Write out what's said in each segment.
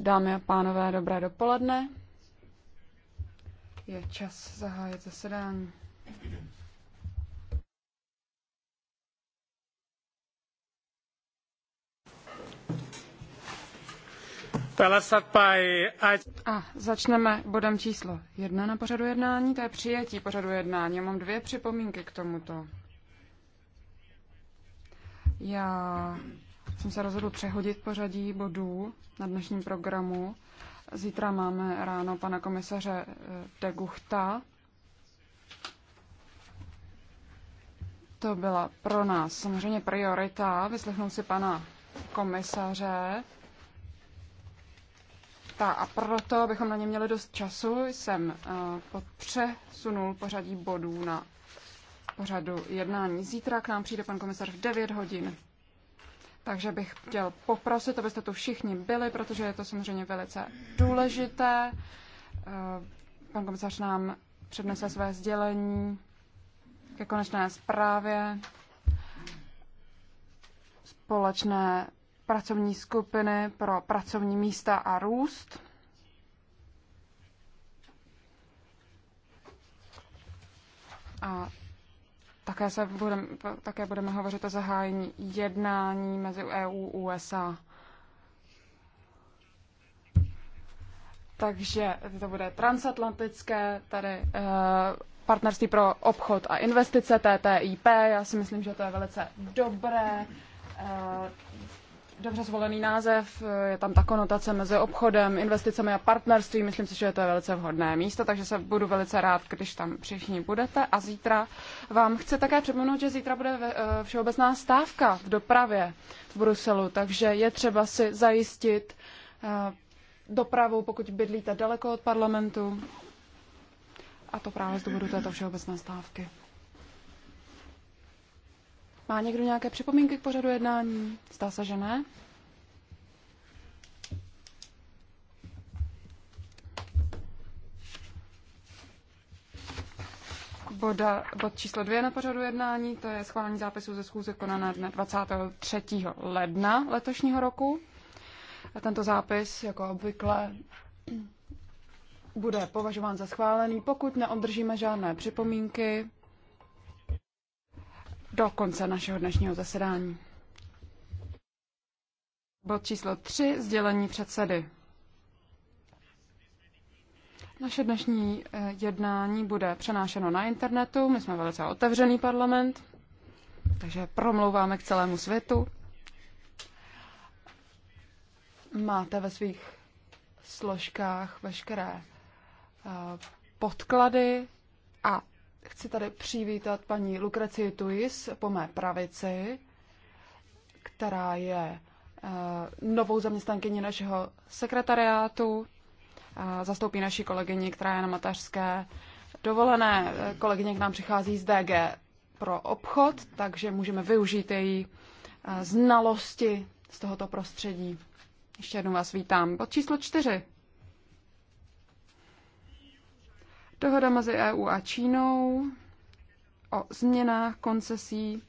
Dámy a pánové, dobré dopoledne. Je čas zahájit zasedání. A začneme bodem číslo jedna na pořadu jednání, to je přijetí pořadu jednání. Já mám dvě připomínky k tomuto. Já jsem se rozhodl přehodit pořadí bodů na dnešním programu. Zítra máme ráno pana komisaře eh, de Guchta. To byla pro nás samozřejmě priorita vyslechnout si pana komisaře fakta a proto, abychom na ně měli dost času, jsem eh, přesunul pořadí bodů na pořadu jednání. Zítra k nám přijde pan komisař v 9 hodin. Takže bych chtěl poprosit, abyste tu všichni byli, protože je to samozřejmě velice důležité. Eh, pan komisař nám přednese své sdělení ke konečné zprávě společné pracovní skupiny pro pracovní místa a růst. A také, se budem, také budeme hovořit o zahájení jednání mezi EU a USA. Takže to bude transatlantické, tady eh, partnerství pro obchod a investice, TTIP. Já si myslím, že to je velice dobré. Eh, dobře zvolený název, je tam ta konotace mezi obchodem, investicemi a partnerství, myslím si, že to velice vhodné místo, takže se budu velice rád, když tam všichni budete. A zítra vám chci také připomenout, že zítra bude eh, všeobecná stávka v dopravě v Bruselu, takže je třeba si zajistit eh, dopravu, pokud bydlíte daleko od parlamentu. A to právě z důvodu této všeobecné stávky. Má někdo nějaké připomínky k pořadu jednání? Zdá se, že ne. boda, bod číslo dvě na pořadu jednání, to je schválení zápisu ze schůze konané dne 23. ledna letošního roku. A tento zápis, jako obvykle, bude považován za schválený, pokud neobdržíme žádné připomínky do konce našeho dnešního zasedání. Bod číslo 3. Sdělení předsedy. Naše dnešní eh, jednání bude přenášeno na internetu. My jsme velice otevřený parlament, takže promlouváme k celému světu. Máte ve svých složkách veškeré eh, podklady a Chci tady přivítat paní Lukreci Tuis po mé pravici, která je eh, novou zaměstnankyní našeho sekretariátu. Zastoupí naši kolegyni, která je na mateřské dovolené. Kolegyně k nám přichází z DG pro obchod, takže můžeme využít její eh, znalosti z tohoto prostředí. Ještě jednou vás vítám. Pod číslo čtyři. Dohoda mezi EU a Čínou o změnách koncesí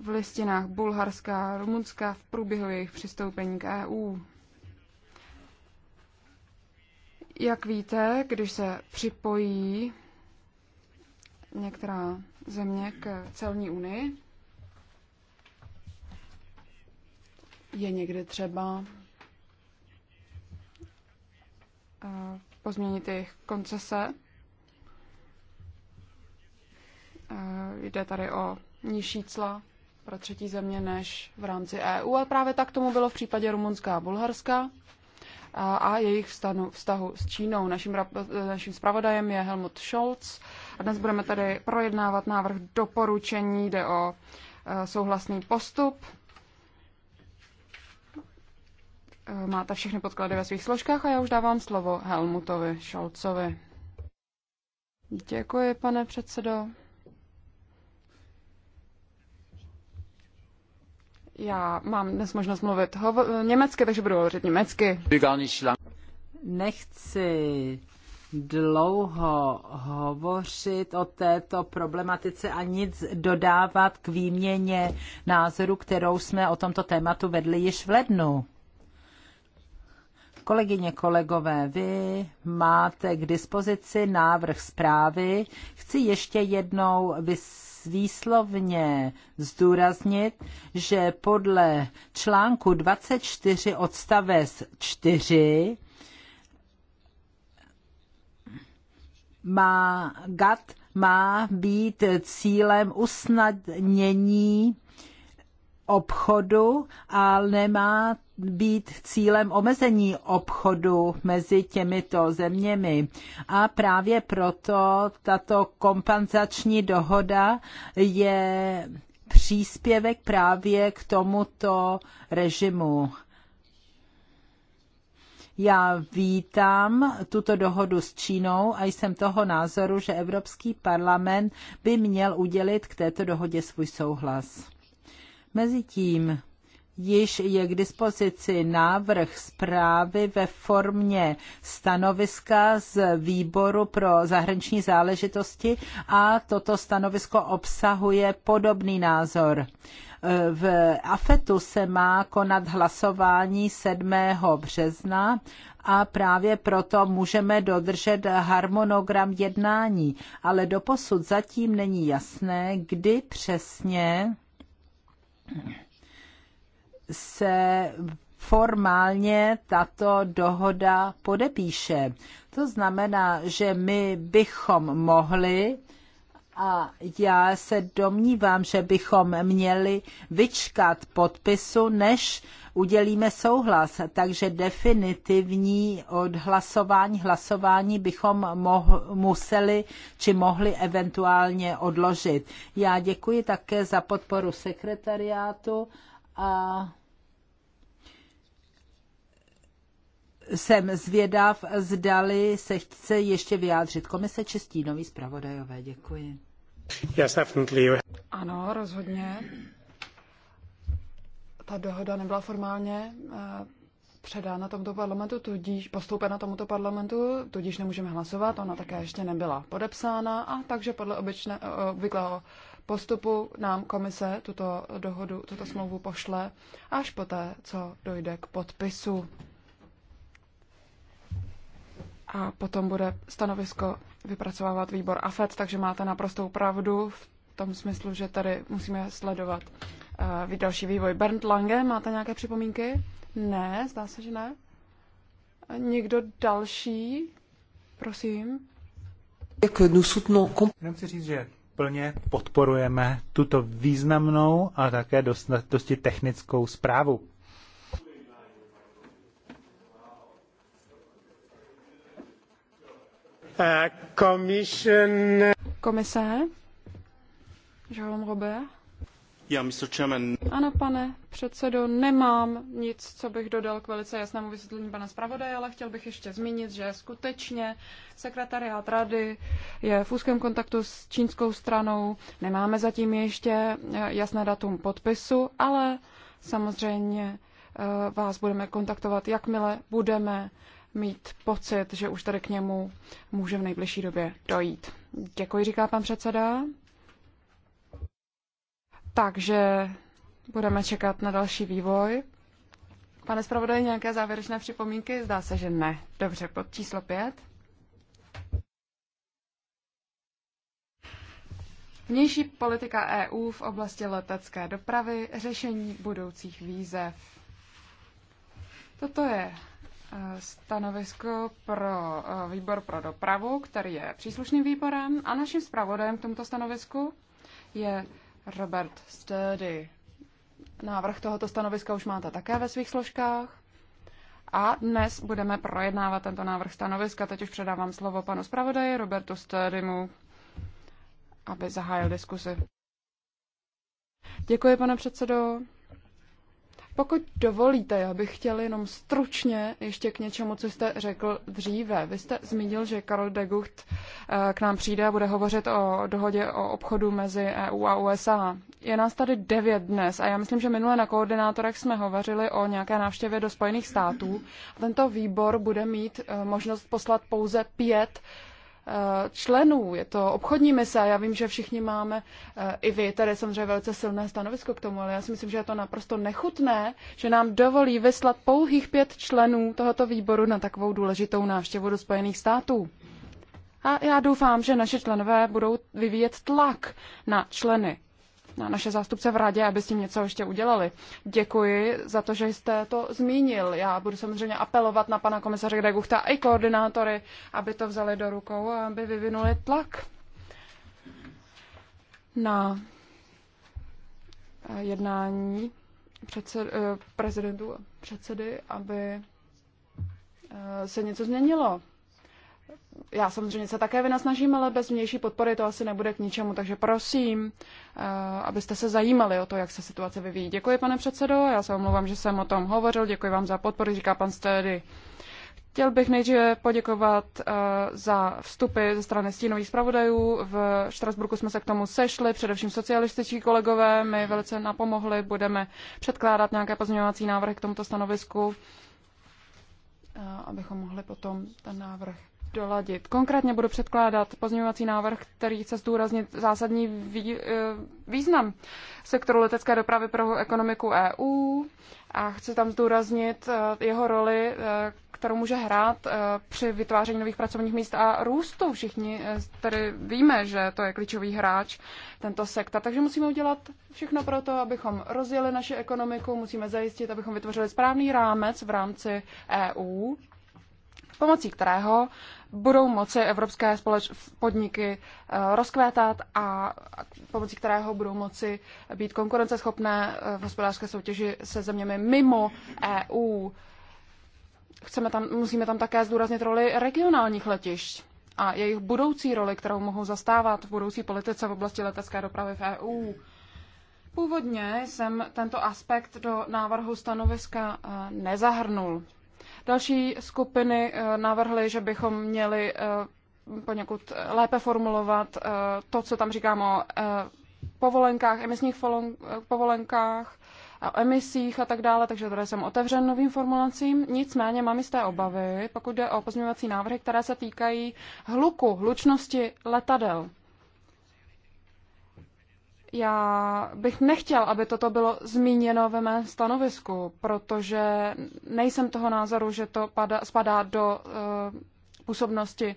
v listinách Bulharska a Rumunska v průběhu jejich přistoupení k EU. Jak víte, když se připojí některá země k celní unii, je někdy třeba eh, pozměnit jejich koncese. Eh, jde tady o nižší cla pro třetí země než v rámci EU a právě tak tomu bylo v případě Rumunska a Bulharska a, a jejich vztahu, vztahu s Čínou. Naším, eh, naším zpravodajem je Helmut Scholz a dnes budeme tady projednávat návrh doporučení, jde o eh, souhlasný postup Eh, máte všechny podklady ve svých složkách a já už dávám slovo Helmutovi Šolcovi. Děkuji, pane předsedo. Já mám dnes možnost mluvit hovo- německy, takže budu hovořit německy. Nechci dlouho hovořit o této problematice a nic dodávat k výměně názoru, kterou jsme o tomto tématu vedli již v lednu. Kolegyně, kolegové, vy máte k dispozici návrh zprávy. Chci ještě jednou výslovně zdůraznit, že podle článku 24 odstavec 4 má GAT má být cílem usnadnění obchodu, ale nemá být cílem omezení obchodu mezi těmito zeměmi. A právě proto tato kompenzační dohoda je příspěvek právě k tomuto režimu. Já vítám tuto dohodu s Čínou a jsem toho názoru, že Evropský parlament by měl udělit k této dohodě svůj souhlas. Mezitím již je k dispozici návrh zprávy ve formě stanoviska z výboru pro zahraniční záležitosti a toto stanovisko obsahuje podobný názor. V AFETu se má konat hlasování 7. března a právě proto můžeme dodržet harmonogram jednání, ale doposud zatím není jasné, kdy přesně se formálně tato dohoda podepíše. To znamená, že my bychom mohli a já se domnívám, že bychom měli vyčkat podpisu, než udělíme souhlas. Takže definitivní odhlasování, hlasování bychom moh- museli či mohli eventuálně odložit. Já děkuji také za podporu sekretariátu a jsem zvědav, zdali se chce ještě vyjádřit komise čistí nový zpravodajové. Děkuji. Yes, definitely. Ano, rozhodně. Ta dohoda nebyla formálně eh, předána tomuto parlamentu, tudíž postoupena tomuto parlamentu, tudíž nemůžeme hlasovat. Ona také ještě nebyla podepsána a takže podle obyčne, eh, obvyklého postupu nám komise tuto dohodu, tuto smlouvu pošle až poté, co dojde k podpisu. A potom bude stanovisko vypracovávat výbor AFED, takže máte naprostou pravdu v tom smyslu, že tady musíme sledovat uh, další vývoj. Bernd Lange, máte nějaké připomínky? Ne, zdá se, že ne. Někdo další? Prosím. Jak nous soutenons... Jenom chci říct, že plně podporujeme tuto významnou a také dosti technickou zprávu. Komise? Eh, Komise? Jérôme Robert? ano, pane předsedo, nemám nic, co bych dodal k velice jasnému vysvětlení pana zpravodaje, ale chtěl bych ještě zmínit, že skutečně sekretariát rady je v úzkém kontaktu s čínskou stranou. Nemáme zatím ještě eh, jasné datum podpisu, ale samozřejmě eh, vás budeme kontaktovat, jakmile budeme mít pocit, že už tady k němu může v nejbližší době dojít. Děkuji, říká pan předseda. Takže budeme čekat na další vývoj. Pane zpravodaj, nějaké závěrečné připomínky? Zdá se, že ne. Dobře, pod číslo pět. Vnější politika EU v oblasti letecké dopravy, řešení budoucích výzev. Toto je e, stanovisko pro e, výbor pro dopravu, který je příslušným výborem a naším zpravodajem k tomuto stanovisku je Robert Sturdy. Návrh tohoto stanoviska už máte také ve svých složkách. A dnes budeme projednávat tento návrh stanoviska. Teď už předávám slovo panu zpravodaji Robertu Sturdymu, aby zahájil diskusi. Děkuji, pane předsedo. Pokud dovolíte, já bych chtěl jenom stručně ještě k něčemu, co jste řekl dříve. Vy jste zmínil, že Karol de Gucht eh, k nám přijde a bude hovořit o dohodě o obchodu mezi EU a USA. Je nás tady devět dnes a já myslím, že minule na koordinátorech jsme hovořili o nějaké návštěvě do Spojených států. Tento výbor bude mít eh, možnost poslat pouze pět Eh, členů, je to obchodní mise a já vím, že všichni máme eh, i vy tady samozřejmě velice silné stanovisko k tomu, ale já si myslím, že je to naprosto nechutné, že nám dovolí vyslat pouhých pět členů tohoto výboru na takovou důležitou návštěvu do Spojených států. A já doufám, že naše členové budou vyvíjet tlak na členy na naše zástupce v radě, aby s tím něco ještě udělali. Děkuji za to, že jste to zmínil. Já budu samozřejmě apelovat na pana komisaře Greguchta i koordinátory, aby to vzali do rukou a aby vyvinuli tlak na eh, jednání předsed, eh, prezidentů a předsedy, aby eh, se něco změnilo já samozřejmě se také vynasnažím, ale bez vnější podpory to asi nebude k ničemu, takže prosím, eh, abyste se zajímali o to, jak se situace vyvíjí. Děkuji, pane předsedo, já se omlouvám, že jsem o tom hovořil, děkuji vám za podporu, říká pan Stedy. Chtěl bych nejdříve poděkovat eh, za vstupy ze strany stínových zpravodajů. V Štrasburku jsme se k tomu sešli, především socialističtí kolegové mi velice napomohli, budeme předkládat nějaké pozměňovací návrhy k tomuto stanovisku, eh, abychom mohli potom ten návrh doladit. Konkrétně budu předkládat pozměňovací návrh, který chce zdůraznit zásadní vý, eh, význam sektoru letecké dopravy pro ekonomiku EU a chci tam zdůraznit eh, jeho roli, eh, kterou může hrát při vytváření nových pracovních míst a růstu. Všichni tady víme, že to je klíčový hráč, tento sektor. Takže musíme udělat všechno pro to, abychom rozjeli naši ekonomiku, musíme zajistit, abychom vytvořili správný rámec v rámci EU, pomocí kterého budou moci evropské společ- podniky eh, rozkvétat a pomocí kterého budou moci být konkurenceschopné eh, v hospodářské soutěži se zeměmi mimo EU. Chceme tam, musíme tam také zdůraznit roli regionálních letišť a jejich budoucí roli, kterou mohou zastávat v budoucí politice v oblasti letecké dopravy v EU. Původně jsem tento aspekt do návrhu stanoviska eh, nezahrnul. Další skupiny eh, navrhly, že bychom měli eh, poněkud lépe formulovat eh, to, co tam říkám o povolenkách, emisních povolenkách, a emisích a tak dále, takže tady jsem otevřen novým formulacím. Nicméně mám jisté obavy, pokud jde o pozměňovací návrhy, které se týkají hluku, hlučnosti letadel já bych nechtěl, aby toto bylo zmíněno ve mém stanovisku, protože nejsem toho názoru, že to pada, spadá do uh, působnosti,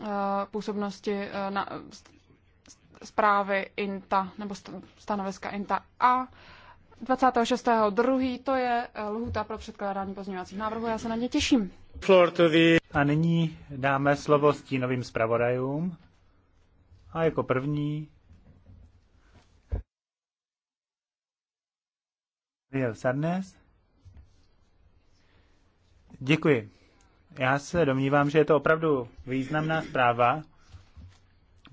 uh, působnosti uh, na, zprávy INTA nebo stanoviska INTA a 26.2. to je lhůta pro předkládání pozměňovacích návrhů. Já se na ně těším. A nyní dáme slovo stínovým zpravodajům. A jako první Viděl Sarnes. Děkuji. Já se domnívám, že je to opravdu významná zpráva,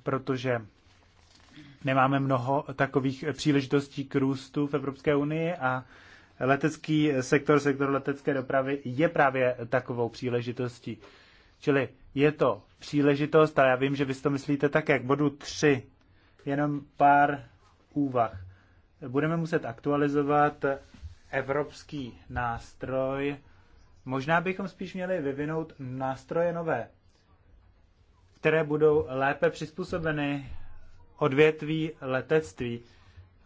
protože nemáme mnoho takových příležitostí k růstu v Evropské unii a letecký sektor, sektor letecké dopravy je právě takovou příležitostí. Čili je to příležitost, a já vím, že vy si to myslíte tak, jak bodu 3. Jenom pár úvah budeme muset aktualizovat evropský nástroj. Možná bychom spíš měli vyvinout nástroje nové, které budou lépe přizpůsobeny odvětví letectví.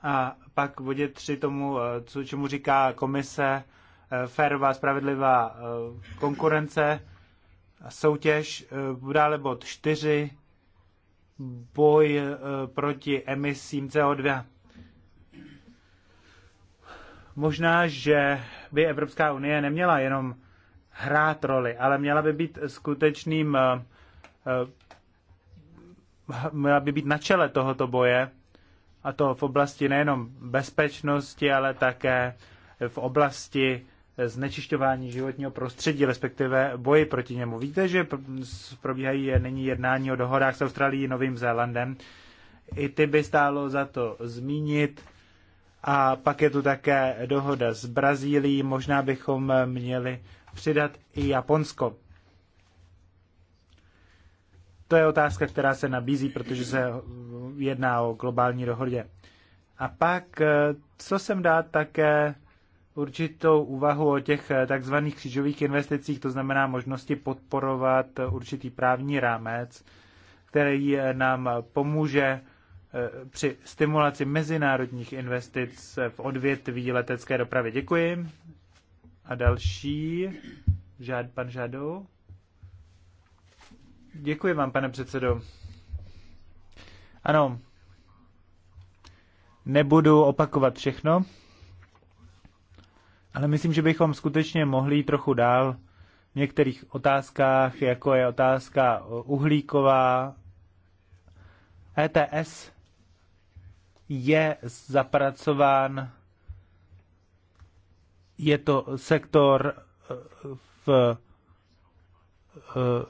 A pak bodě tři tomu, eh, co, čemu říká komise, eh, férová, spravedlivá eh, konkurence, soutěž, dále bod čtyři, boj proti emisím CO2. Možná, že by Evropská unie neměla jenom hrát roli, ale měla by být skutečným, eh, eh, měla by být na čele tohoto boje, a to v oblasti nejenom bezpečnosti, ale také v oblasti znečišťování životního prostředí, respektive boji proti němu. Víte, že probíhají nyní jednání o dohodách s Austrálií Novým Zélandem. I ty by stálo za to zmínit a pak je tu také dohoda s Brazílií, možná bychom měli přidat i Japonsko. To je otázka, která se nabízí, protože se jedná o globální dohodě. A pak, co sem dát také určitou úvahu o těch takzvaných křížových investicích, to znamená možnosti podporovat určitý právní rámec, který nám pomůže Eh, při stimulaci mezinárodních investic v odvětví letecké dopravy. Děkuji. A další, žád, pan Žadou. Děkuji vám, pane předsedo. Ano, nebudu opakovat všechno, ale myslím, že bychom skutečně mohli trochu dál v některých otázkách, jako je otázka uhlíková, ETS je zapracován, je to sektor eh, v eh,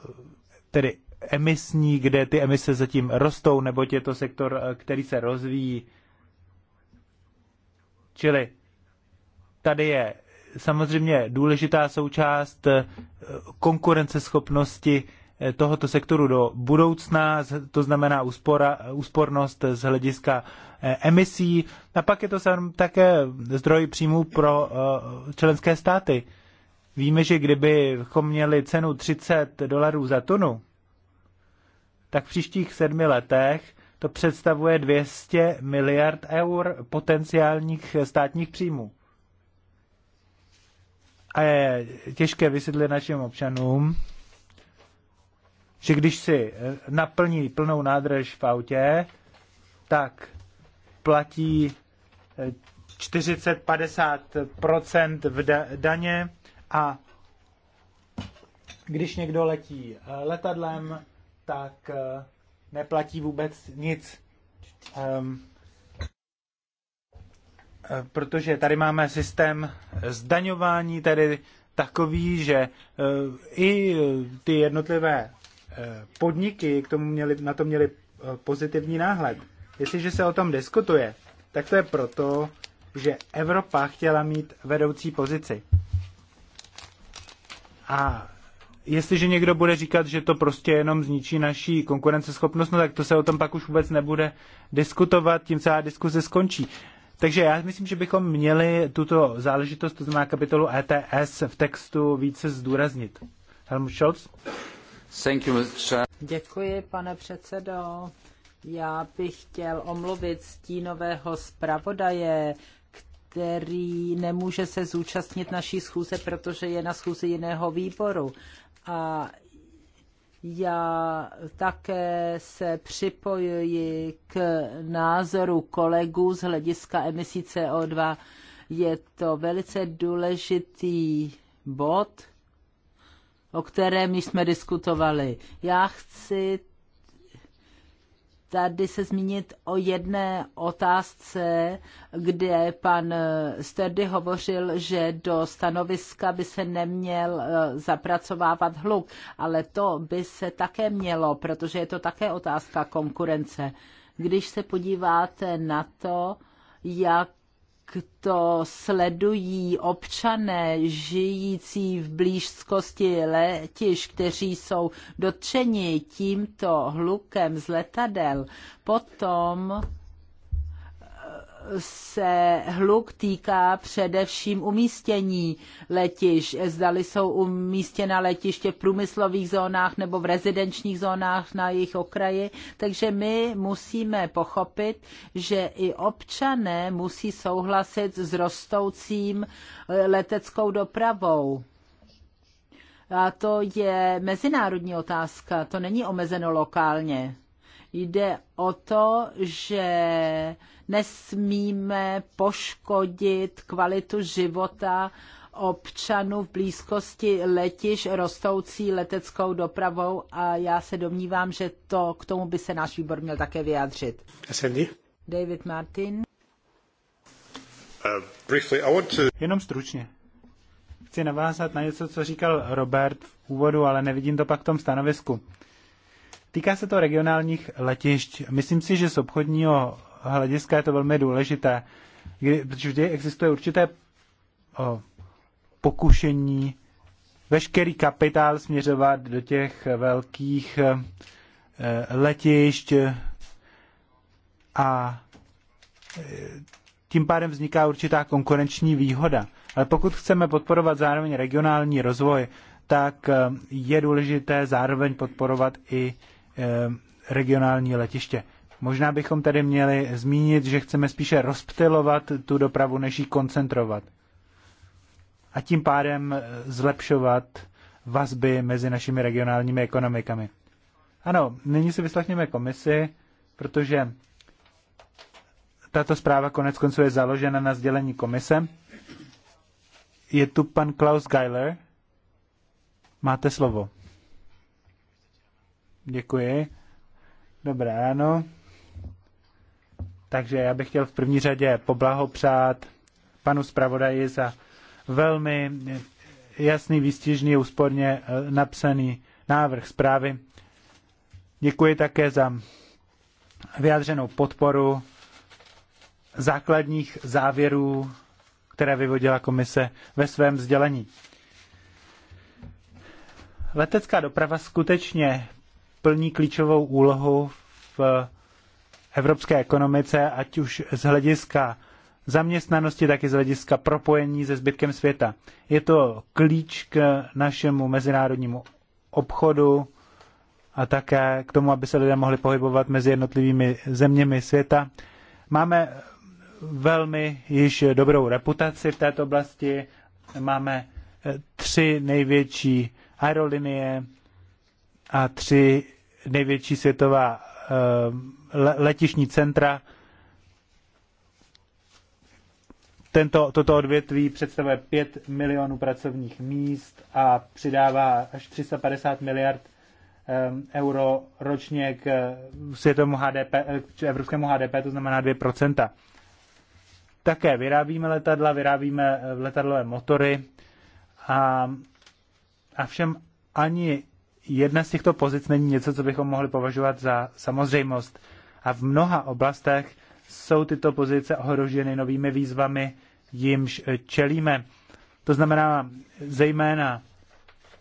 tedy emisní, kde ty emise zatím rostou, nebo je to sektor, eh, který se rozvíjí. Čili tady je samozřejmě důležitá součást konkurenceschopnosti Eh, tohoto sektoru do budoucna, to znamená úspora, úspornost z hlediska eh, emisí. A pak je to také zdroj příjmů pro eh, členské státy. Víme, že kdybychom měli cenu 30 dolarů za tunu, tak v příštích sedmi letech to představuje 200 miliard eur potenciálních státních příjmů. A je těžké vysvětlit našim občanům, že když si eh, naplní plnou nádrž v autě, tak platí 40-50% eh, v daně a když někdo letí eh, letadlem, tak neplatí vůbec nic. Ehm, protože tady máme systém zdaňování, tedy takový, že i ty jednotlivé Eh, podniky k tomu měli, na to měli eh, pozitivní náhled. Jestliže se o tom diskutuje, tak to je proto, že Evropa chtěla mít vedoucí pozici. A jestliže někdo bude říkat, že to prostě jenom zničí naší konkurenceschopnost, no tak to se o tom pak už vůbec nebude diskutovat, tím celá diskuze skončí. Takže já myslím, že bychom měli tuto záležitost, to znamená kapitolu ETS, v textu více zdůraznit. Helmut Scholz? Děkuji, pane předsedo. Já bych chtěl omluvit stínového zpravodaje, který nemůže se zúčastnit naší schůze, protože je na schůzi jiného výboru. A já také se připojuji k názoru kolegů z hlediska emisí CO2. Je to velice důležitý bod, o kterém jsme diskutovali. Já chci tady se zmínit o jedné otázce, kde pan Sterdy hovořil, že do stanoviska by se neměl eh, zapracovávat hluk, ale to by se také mělo, protože je to také otázka konkurence. Když se podíváte na to, jak to sledují občané žijící v blízkosti letiš, kteří jsou dotčeni tímto hlukem z letadel, potom se hluk týká především umístění letiš. Zdali jsou umístěna letiště v průmyslových zónách nebo v rezidenčních zónách na jejich okraji. Takže my musíme pochopit, že i občané musí souhlasit s rostoucím eh, leteckou dopravou. A to je mezinárodní otázka, to není omezeno lokálně. Jde o to, že nesmíme poškodit kvalitu života občanů v blízkosti letiš rostoucí leteckou dopravou a já se domnívám, že to k tomu by se náš výbor měl také vyjádřit. SND. David Martin. Uh, briefly, I want to... Jenom stručně. Chci navázat na něco, co říkal Robert v úvodu, ale nevidím to pak v tom stanovisku. Týká se to regionálních letišť. Myslím si, že z obchodního hlediska je to velmi důležité, kdy, protože vždy existuje určité o, pokušení veškerý kapitál směřovat do těch velkých e, letišť a e, tím pádem vzniká určitá konkurenční výhoda. Ale pokud chceme podporovat zároveň regionální rozvoj, tak e, je důležité zároveň podporovat i Eh, regionální letiště. Možná bychom tedy měli zmínit, že chceme spíše rozptylovat tu dopravu, než ji koncentrovat. A tím pádem eh, zlepšovat vazby mezi našimi regionálními ekonomikami. Ano, nyní si vyslechněme komisi, protože tato zpráva konec konců je založena na sdělení komise. Je tu pan Klaus Geiler. Máte slovo. Děkuji. Dobré ráno. Takže já bych chtěl v první řadě poblahopřát panu zpravodaji za velmi jasný, výstižný, úsporně eh, napsaný návrh zprávy. Děkuji také za vyjádřenou podporu základních závěrů, které vyvodila komise ve svém sdělení. Letecká doprava skutečně plní klíčovou úlohu v evropské ekonomice, ať už z hlediska zaměstnanosti, tak i z hlediska propojení se zbytkem světa. Je to klíč k našemu mezinárodnímu obchodu a také k tomu, aby se lidé mohli pohybovat mezi jednotlivými zeměmi světa. Máme velmi již dobrou reputaci v této oblasti. Máme eh, tři největší aerolinie a tři největší světová eh, letišní centra. Tento, toto odvětví představuje 5 milionů pracovních míst a přidává až 350 miliard eh, euro ročně k eh, světovému HDP, k evropskému HDP, to znamená 2%. Také vyrábíme letadla, vyrábíme letadlové motory a, a všem ani jedna z těchto pozic není něco, co bychom mohli považovat za samozřejmost. A v mnoha oblastech jsou tyto pozice ohroženy novými výzvami, jimž eh, čelíme. To znamená zejména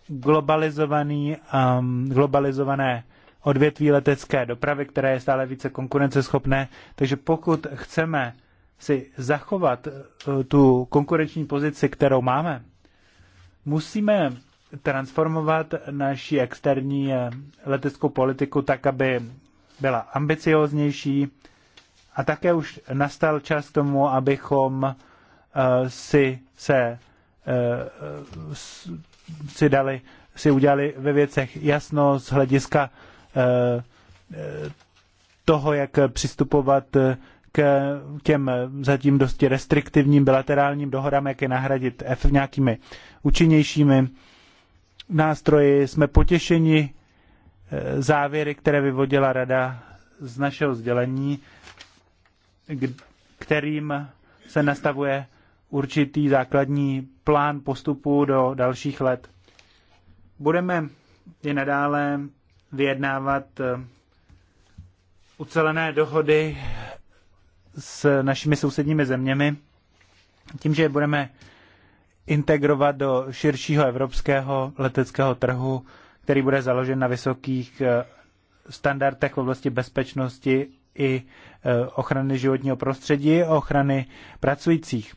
globalizovaný, um, globalizované odvětví letecké dopravy, které je stále více konkurenceschopné. Takže pokud chceme si zachovat eh, tu konkurenční pozici, kterou máme, musíme transformovat naši externí eh, leteckou politiku tak, aby byla ambicioznější. A také už nastal čas k tomu, abychom eh, si se eh, si dali, si udělali ve věcech jasno z hlediska toho, jak přistupovat k těm zatím dosti restriktivním bilaterálním dohodám, jak je nahradit F nějakými účinnějšími nástroji. Jsme potěšeni eh, závěry, které vyvodila rada z našeho sdělení, kterým se nastavuje určitý základní plán postupu do dalších let. Budeme i nadále vyjednávat eh, ucelené dohody s našimi sousedními zeměmi, tím, že budeme integrovat do širšího evropského leteckého trhu, který bude založen na vysokých eh, standardech v oblasti bezpečnosti i eh, ochrany životního prostředí, ochrany pracujících.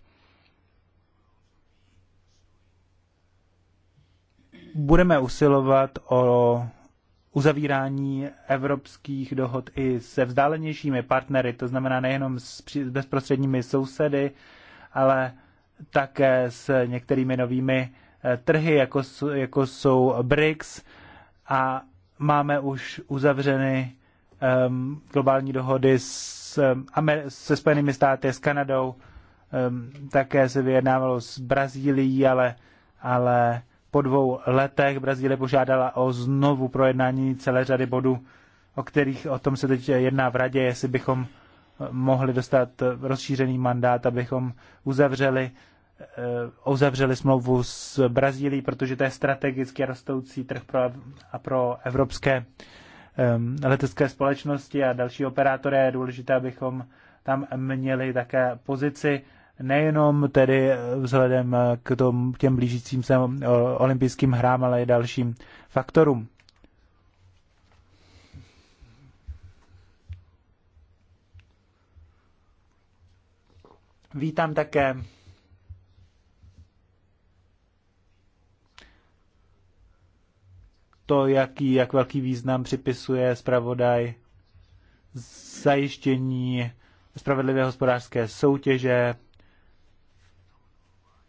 Budeme usilovat o uzavírání evropských dohod i se vzdálenějšími partnery, to znamená nejenom s bezprostředními sousedy, ale také s některými novými eh, trhy, jako, jako jsou BRICS a máme už uzavřeny um, globální dohody s, eh, Amer- se Spojenými státy, s Kanadou, um, také se vyjednávalo s Brazílií, ale, ale po dvou letech Brazílie požádala o znovu projednání celé řady bodů, o kterých o tom se teď jedná v radě, jestli bychom mohli dostat rozšířený mandát, abychom uzavřeli, eh, uzavřeli smlouvu s Brazílií, protože to je strategicky rostoucí trh pro, a pro evropské letecké společnosti a další operátory. Je důležité, abychom tam měli také pozici, nejenom tedy vzhledem k tom, těm blížícím se olympijským hrám, ale i dalším faktorům. Vítám také to, jaký, jak velký význam připisuje zpravodaj zajištění spravedlivé hospodářské soutěže.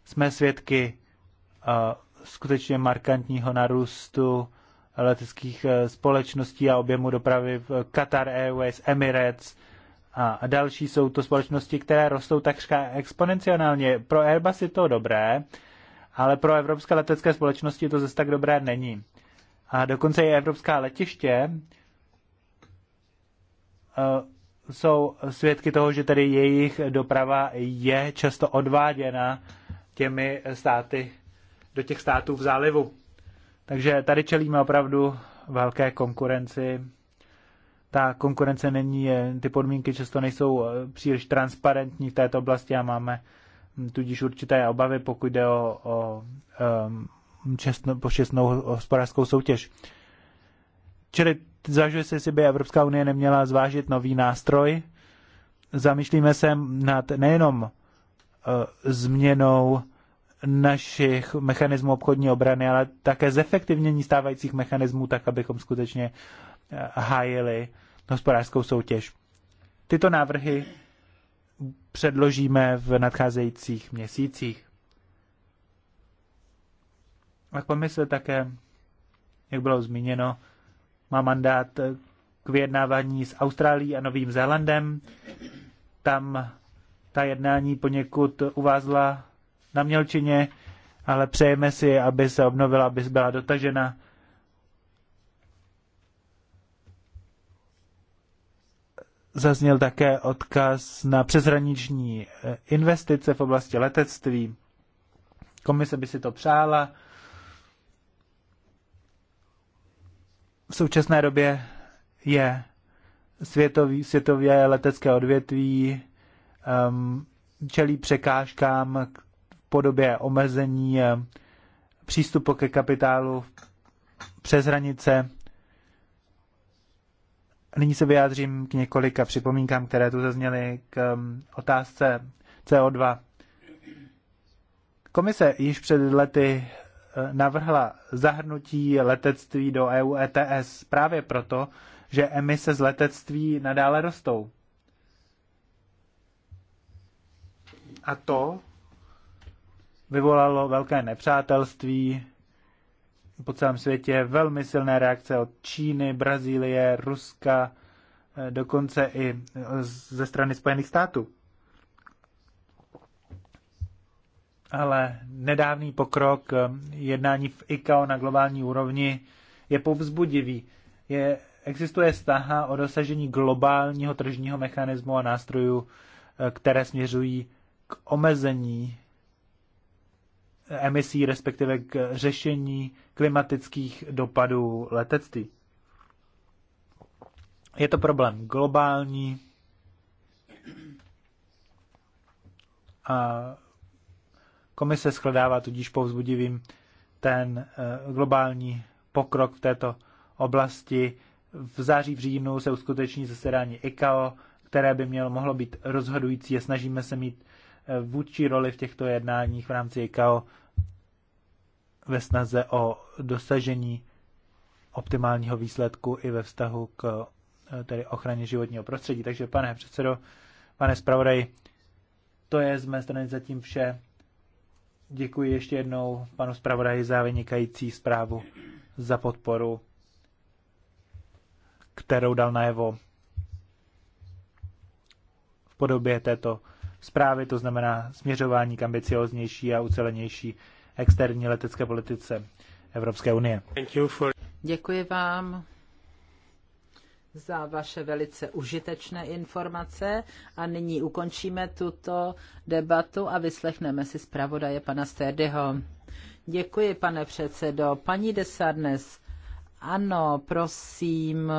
Jsme svědky uh, skutečně markantního narůstu leteckých eh, společností a objemu dopravy v Qatar Airways, Emirates, a další jsou to společnosti, které rostou takřka exponenciálně. Pro Airbus je to dobré, ale pro evropské letecké společnosti to zase tak dobré není. A dokonce i evropská letiště e, jsou svědky toho, že tedy jejich doprava je často odváděna těmi státy do těch států v zálivu. Takže tady čelíme opravdu velké konkurenci ta konkurence není, eh, ty podmínky často nejsou eh, příliš transparentní v této oblasti a máme hm, tudíž určité obavy, pokud jde o, o um, čestno, počestnou hospodářskou soutěž. Čili zvažuje se, jestli by Evropská unie neměla zvážit nový nástroj. Zamýšlíme se nad nejenom uh, změnou našich mechanismů obchodní obrany, ale také zefektivnění stávajících mechanismů, tak abychom skutečně hájili hospodářskou soutěž. Tyto návrhy předložíme v nadcházejících měsících. A komise také, jak bylo zmíněno, má mandát k vyjednávání s Austrálií a Novým Zélandem. Tam ta jednání poněkud uvázla na mělčině, ale přejeme si, aby se obnovila, aby byla dotažena Zazněl také odkaz na přeshraniční eh, investice v oblasti letectví. Komise by si to přála. V současné době je světový, světově letecké odvětví um, čelí překážkám v podobě omezení eh, přístupu ke kapitálu přes hranice Nyní se vyjádřím k několika připomínkám, které tu zazněly k um, otázce CO2. Komise již před lety eh, navrhla zahrnutí letectví do EU ETS právě proto, že emise z letectví nadále rostou. A to vyvolalo velké nepřátelství po celém světě velmi silné reakce od Číny, Brazílie, Ruska, eh, dokonce i eh, ze strany Spojených států. Ale nedávný pokrok eh, jednání v ICAO na globální úrovni je povzbudivý. Je, existuje snaha o dosažení globálního tržního mechanismu a nástrojů, které směřují k omezení emisí, respektive k řešení klimatických dopadů letectví. Je to problém globální a komise shledává tudíž povzbudivým ten eh, globální pokrok v této oblasti. V září v říjnu se uskuteční zasedání ICAO, které by mělo mohlo být rozhodující a snažíme se mít vůdčí roli v těchto jednáních v rámci ICAO ve snaze o dosažení optimálního výsledku i ve vztahu k eh, tedy ochraně životního prostředí. Takže pane předsedo, pane zpravodaj, to je z mé strany zatím vše. Děkuji ještě jednou panu zpravodaji za vynikající zprávu, za podporu, kterou dal najevo v podobě této zprávy, to znamená směřování k ambicioznější a ucelenější externí letecké politice Evropské unie. Děkuji vám za vaše velice užitečné informace a nyní ukončíme tuto debatu a vyslechneme si zpravodaje pana Sterdyho. Děkuji, pane předsedo. Paní Desarnes, ano, prosím,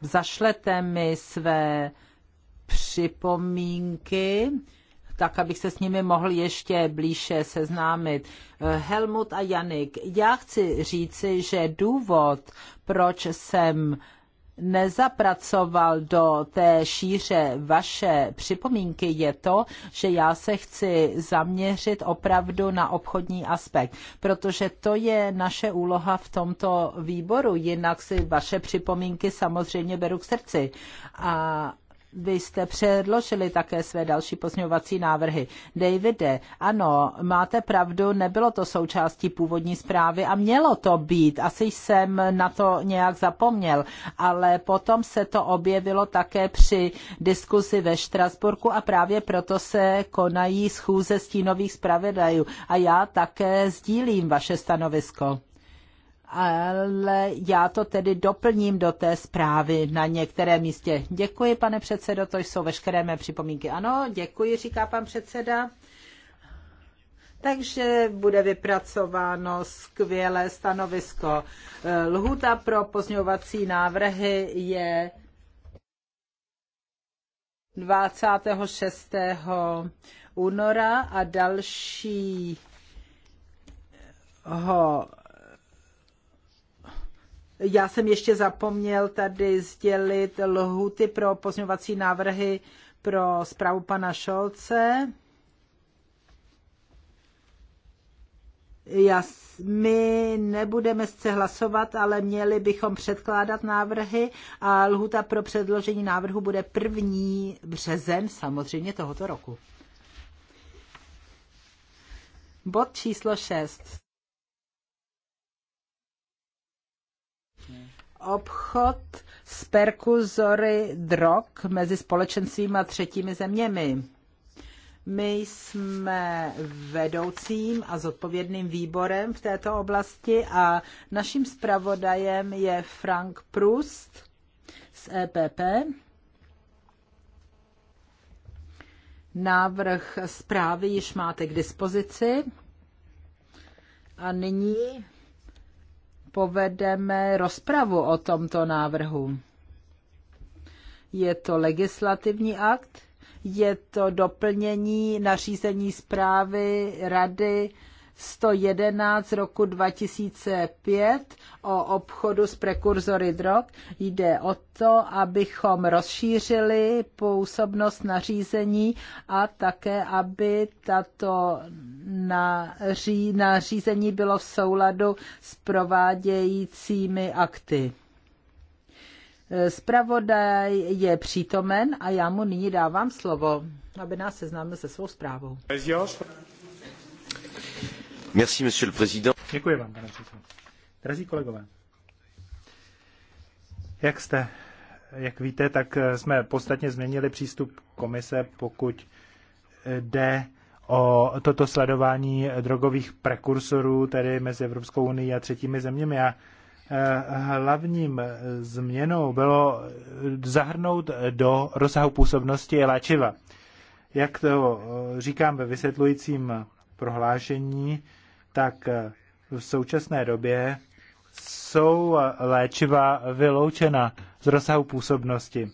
zašlete mi své připomínky, tak abych se s nimi mohl ještě blíže seznámit. Helmut a Janik, já chci říci, že důvod, proč jsem nezapracoval do té šíře vaše připomínky, je to, že já se chci zaměřit opravdu na obchodní aspekt, protože to je naše úloha v tomto výboru, jinak si vaše připomínky samozřejmě beru k srdci. A vy jste předložili také své další pozměňovací návrhy. Davide, ano, máte pravdu, nebylo to součástí původní zprávy a mělo to být. Asi jsem na to nějak zapomněl, ale potom se to objevilo také při diskuzi ve Štrasburku a právě proto se konají schůze stínových zpravodajů. A já také sdílím vaše stanovisko ale já to tedy doplním do té zprávy na některé místě. Děkuji, pane předsedo, to jsou veškeré mé připomínky. Ano, děkuji, říká pan předseda. Takže bude vypracováno skvělé stanovisko. Lhuta pro pozňovací návrhy je 26. února a další ho já jsem ještě zapomněl tady sdělit lhuty pro pozměňovací návrhy pro zprávu pana Šolce. Já, my nebudeme se hlasovat, ale měli bychom předkládat návrhy a lhuta pro předložení návrhu bude první březen samozřejmě tohoto roku. Bod číslo 6. obchod s perkuzory drog mezi společenstvím a třetími zeměmi. My jsme vedoucím a zodpovědným výborem v této oblasti a naším zpravodajem je Frank Prust z EPP. Návrh zprávy již máte k dispozici. A nyní povedeme rozpravu o tomto návrhu. Je to legislativní akt, je to doplnění nařízení zprávy Rady 111 roku 2005 o obchodu s prekurzory drog. Jde o to, abychom rozšířili působnost nařízení a také, aby tato naří, nařízení bylo v souladu s provádějícími akty. Spravodaj je přítomen a já mu nyní dávám slovo, aby nás seznámil se svou zprávou monsieur le président. Děkuji vám, pane předsedo. Drazí kolegové, jak jak víte, tak jsme podstatně změnili přístup komise, pokud jde o toto sledování drogových prekursorů, tedy mezi Evropskou unii a třetími zeměmi. A eh, hlavním změnou bylo zahrnout do rozsahu působnosti léčiva. Jak to eh, říkám ve vysvětlujícím prohlášení, tak eh, v současné době jsou eh, léčiva vyloučena z rozsahu působnosti.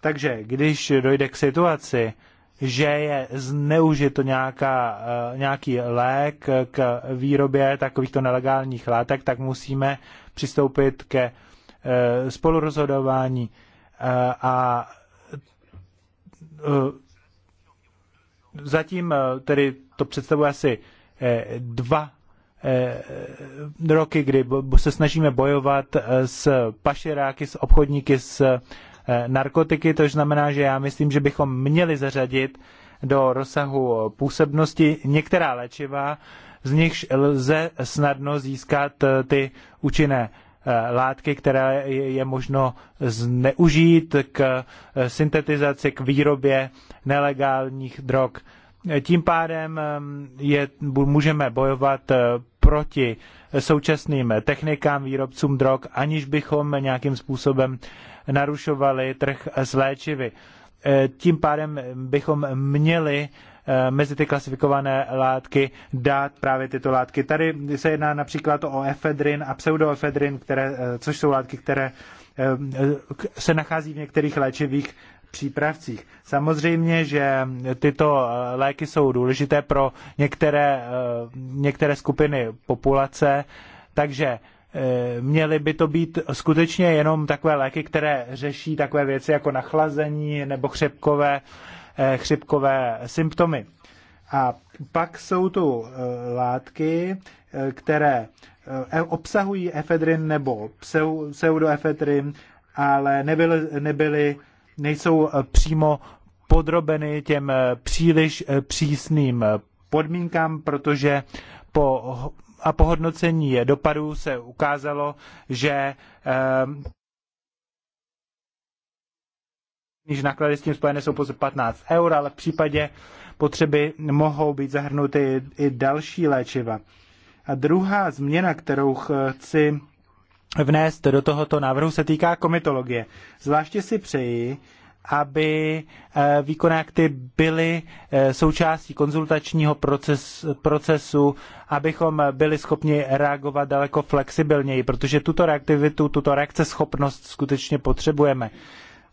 Takže když dojde k situaci, že je zneužito nějaká, eh, nějaký lék k výrobě takovýchto nelegálních látek, tak musíme přistoupit ke spolurozhodování a zatím tedy to představuje asi Eh, dva eh, roky, kdy se snažíme bojovat eh, s pašeráky, s obchodníky, s narkotiky, to znamená, že já myslím, že bychom měli zařadit do rozsahu působnosti některá léčiva, z nichž lze snadno získat ty účinné látky, které je možno zneužít k syntetizaci, k výrobě nelegálních drog. Tím pádem je, můžeme bojovat eh, proti současným technikám, výrobcům drog, aniž bychom nějakým způsobem narušovali trh s léčivy. Eh, tím pádem bychom měli eh, mezi ty klasifikované látky dát právě tyto látky. Tady se jedná například o efedrin a pseudoefedrin, které, což jsou látky, které se nachází v některých léčivých přípravcích. Samozřejmě, že tyto eh, léky jsou důležité pro některé, eh, některé skupiny populace, takže eh, měly by to být skutečně jenom takové léky, které řeší takové věci jako nachlazení nebo chřipkové, chřipkové symptomy. A pak jsou tu látky, které obsahují efedrin nebo pseudoefedrin, ale nebyly, nebyly nejsou eh, přímo podrobeny těm eh, příliš eh, přísným podmínkám, protože po a po hodnocení dopadů se ukázalo, že Níž náklady s tím spojené jsou pouze 15 eur, ale v případě potřeby mohou být zahrnuty i další léčiva. A druhá změna, kterou chci vnést do tohoto návrhu se týká komitologie. Zvláště si přeji, aby eh, výkonné akty byly eh, součástí konzultačního proces, procesu, abychom byli schopni reagovat daleko flexibilněji, protože tuto reaktivitu, tuto reakce schopnost skutečně potřebujeme.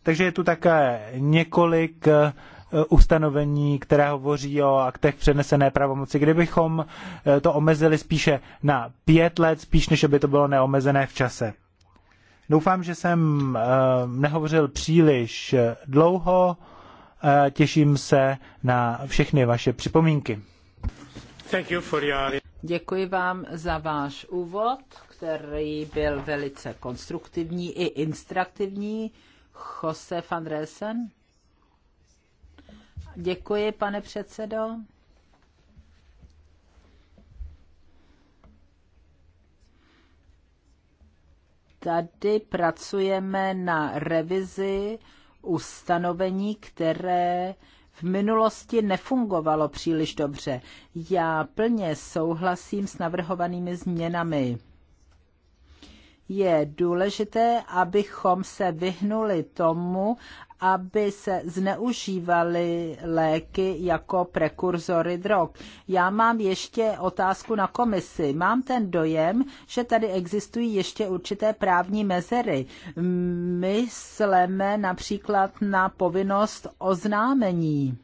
Takže je tu také několik eh, Eh, ustanovení, které hovoří o aktech přenesené pravomoci. Kdybychom eh, to omezili spíše na pět let, spíš než aby to bylo neomezené v čase. Doufám, že jsem eh, nehovořil příliš dlouho. Těším se na všechny vaše připomínky. Děkuji vám za váš úvod, který byl velice konstruktivní i instruktivní. Jose van Resen. Děkuji, pane předsedo. Tady pracujeme na revizi ustanovení, které v minulosti nefungovalo příliš dobře. Já plně souhlasím s navrhovanými změnami. Je důležité, abychom se vyhnuli tomu, aby se zneužívaly léky jako prekurzory drog. Já mám ještě otázku na komisi. Mám ten dojem, že tady existují ještě určité právní mezery. Myslíme například na povinnost oznámení.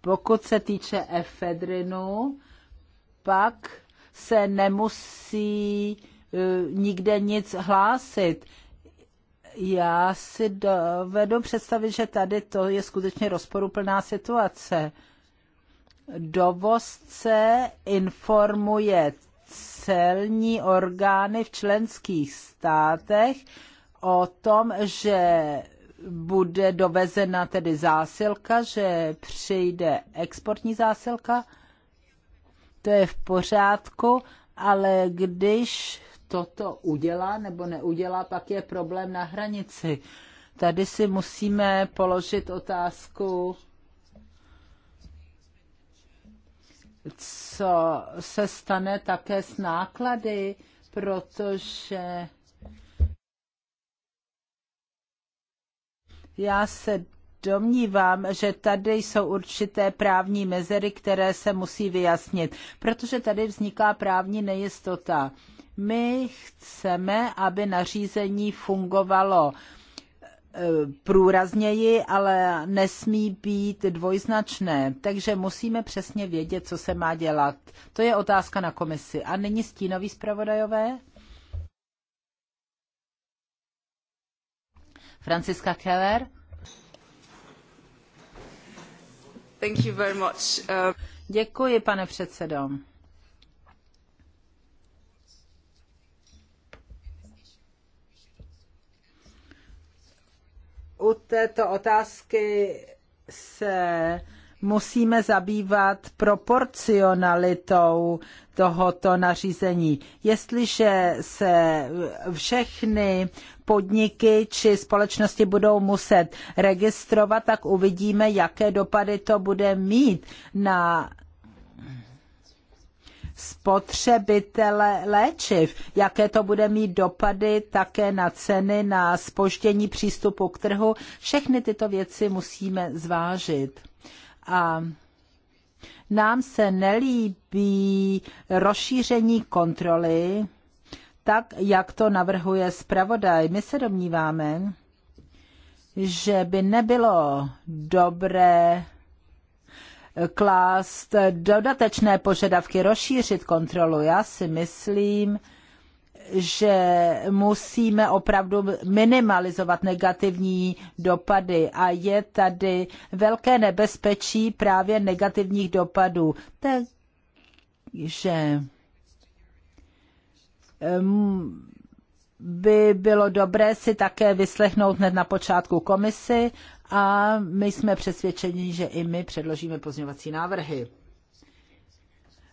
Pokud se týče efedrinu, pak se nemusí Eh, nikde nic hlásit. Já si dovedu představit, že tady to je skutečně rozporuplná situace. Dovozce informuje celní orgány v členských státech o tom, že bude dovezena tedy zásilka, že přijde exportní zásilka, to je v pořádku, ale když toto udělá nebo neudělá, pak je problém na hranici. Tady si musíme položit otázku, co se stane také s náklady, protože já se domnívám, že tady jsou určité právní mezery, které se musí vyjasnit, protože tady vzniká právní nejistota. My chceme, aby nařízení fungovalo e, průrazněji, ale nesmí být dvojznačné, takže musíme přesně vědět, co se má dělat. To je otázka na komisi. A není stínový zpravodajové? Franciska Keller? Thank you very much. Uh... Děkuji, pane předsedo. u této otázky se musíme zabývat proporcionalitou tohoto nařízení. Jestliže se všechny podniky či společnosti budou muset registrovat, tak uvidíme, jaké dopady to bude mít na spotřebitele léčiv, jaké to bude mít dopady také na ceny, na spoždění přístupu k trhu. Všechny tyto věci musíme zvážit. A nám se nelíbí rozšíření kontroly, tak jak to navrhuje zpravodaj. My se domníváme, že by nebylo dobré klást dodatečné požadavky, rozšířit kontrolu. Já si myslím, že musíme opravdu minimalizovat negativní dopady a je tady velké nebezpečí právě negativních dopadů. Takže by bylo dobré si také vyslechnout hned na počátku komisi a my jsme přesvědčeni, že i my předložíme pozměňovací návrhy.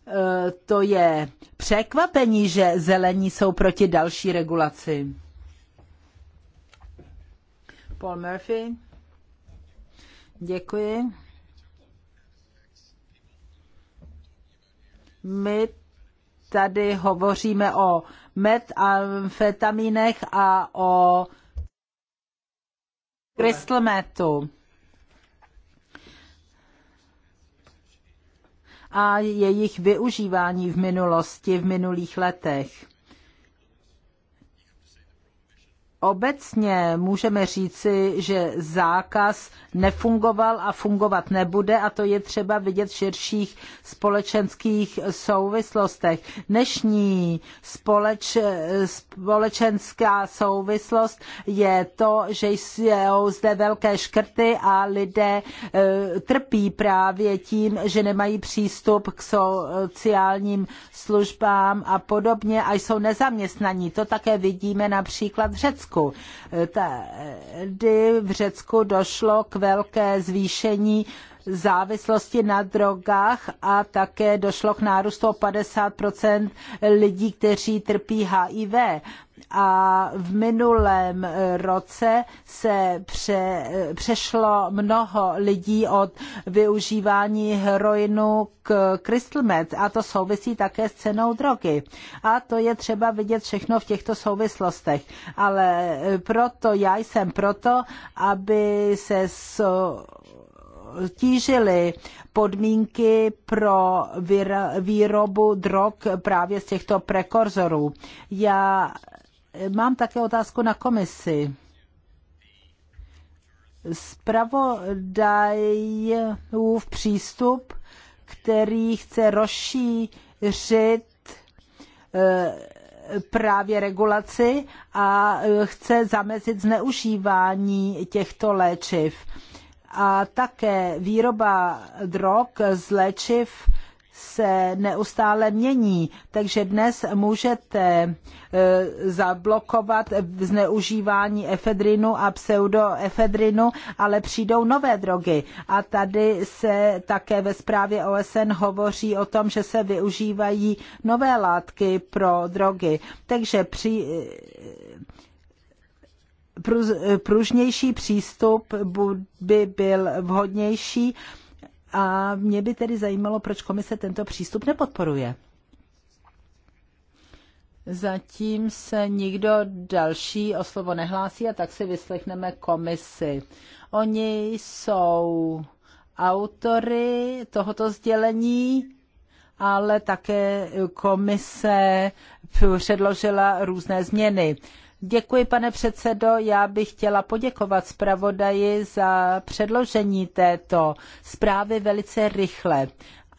E, to je překvapení, že zelení jsou proti další regulaci. Paul Murphy. Děkuji. My tady hovoříme o metamfetamínech a o crystal metu. a jejich využívání v minulosti, v minulých letech obecně můžeme říci, že zákaz nefungoval a fungovat nebude a to je třeba vidět v širších společenských souvislostech. Dnešní společ, společenská souvislost je to, že jsou zde velké škrty a lidé e, trpí právě tím, že nemají přístup k sociálním službám a podobně a jsou nezaměstnaní. To také vidíme například v Řecku. Řecku. E, Tady v Řecku došlo k velké zvýšení závislosti na drogách a také došlo k nárůstu o 50 lidí, kteří trpí HIV. A v minulém roce se pře, přešlo mnoho lidí od využívání heroinu k crystal meth a to souvisí také s cenou drogy. A to je třeba vidět všechno v těchto souvislostech. Ale proto já jsem proto, aby se s tížily podmínky pro výrobu drog právě z těchto prekurzorů. Já mám také otázku na komisi. Spravodajův přístup, který chce rozšířit eh, právě regulaci a eh, chce zamezit zneužívání těchto léčiv a také výroba drog z léčiv se neustále mění, takže dnes můžete e, zablokovat zneužívání efedrinu a pseudoefedrinu, ale přijdou nové drogy. A tady se také ve zprávě OSN hovoří o tom, že se využívají nové látky pro drogy. Takže při, pružnější přístup by byl vhodnější a mě by tedy zajímalo, proč komise tento přístup nepodporuje. Zatím se nikdo další o slovo nehlásí a tak si vyslechneme komisi. Oni jsou autory tohoto sdělení, ale také komise předložila různé změny. Děkuji, pane předsedo. Já bych chtěla poděkovat zpravodaji za předložení této zprávy velice rychle.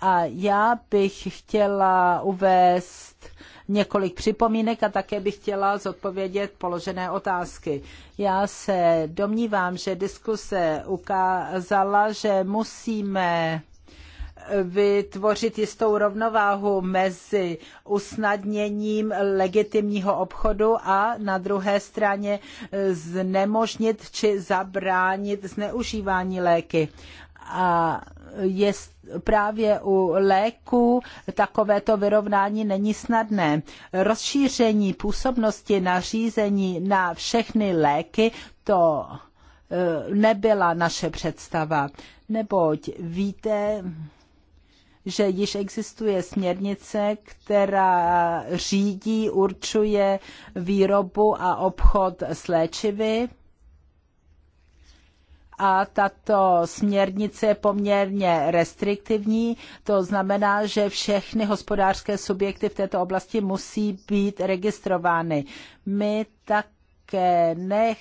A já bych chtěla uvést několik připomínek a také bych chtěla zodpovědět položené otázky. Já se domnívám, že diskuse ukázala, že musíme vytvořit jistou rovnováhu mezi usnadněním legitimního obchodu a na druhé straně znemožnit či zabránit zneužívání léky. A je právě u léku takovéto vyrovnání není snadné. Rozšíření působnosti nařízení na všechny léky to e, nebyla naše představa, neboť víte, že již existuje směrnice, která řídí, určuje výrobu a obchod s léčivy. A tato směrnice je poměrně restriktivní, to znamená, že všechny hospodářské subjekty v této oblasti musí být registrovány. My také nech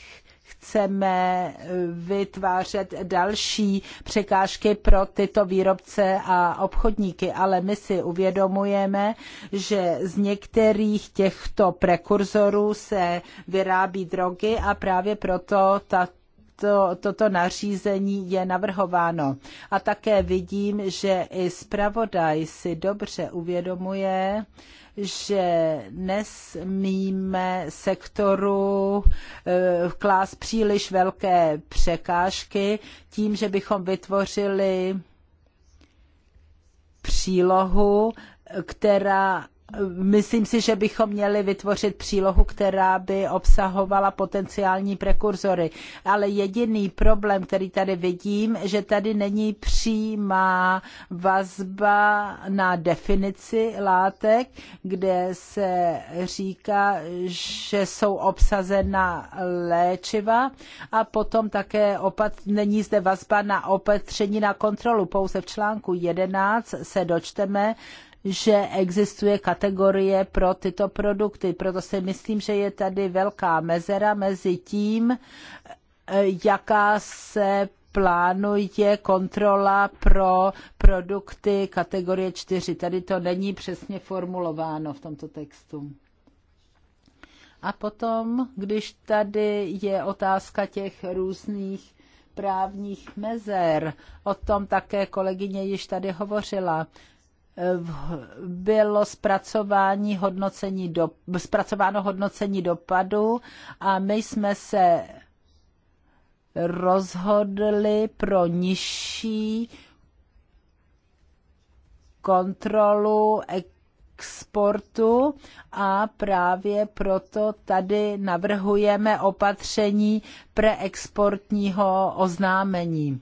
chceme eh, vytvářet další překážky pro tyto výrobce a obchodníky, ale my si uvědomujeme, že z některých těchto prekurzorů se vyrábí drogy a právě proto tato to, toto nařízení je navrhováno. A také vidím, že i zpravodaj si dobře uvědomuje, že nesmíme sektoru eh, klást příliš velké překážky tím, že bychom vytvořili přílohu, která myslím si, že bychom měli vytvořit přílohu, která by obsahovala potenciální prekurzory. Ale jediný problém, který tady vidím, že tady není přímá vazba na definici látek, kde se říká, že jsou obsazena léčiva a potom také opat, není zde vazba na opatření na kontrolu. Pouze v článku 11 se dočteme, že existuje kategorie pro tyto produkty. Proto si myslím, že je tady velká mezera mezi tím, jaká se plánuje kontrola pro produkty kategorie 4. Tady to není přesně formulováno v tomto textu. A potom, když tady je otázka těch různých právních mezer, o tom také kolegyně již tady hovořila bylo zpracování hodnocení do, zpracováno hodnocení dopadu a my jsme se rozhodli pro nižší kontrolu exportu a právě proto tady navrhujeme opatření preexportního oznámení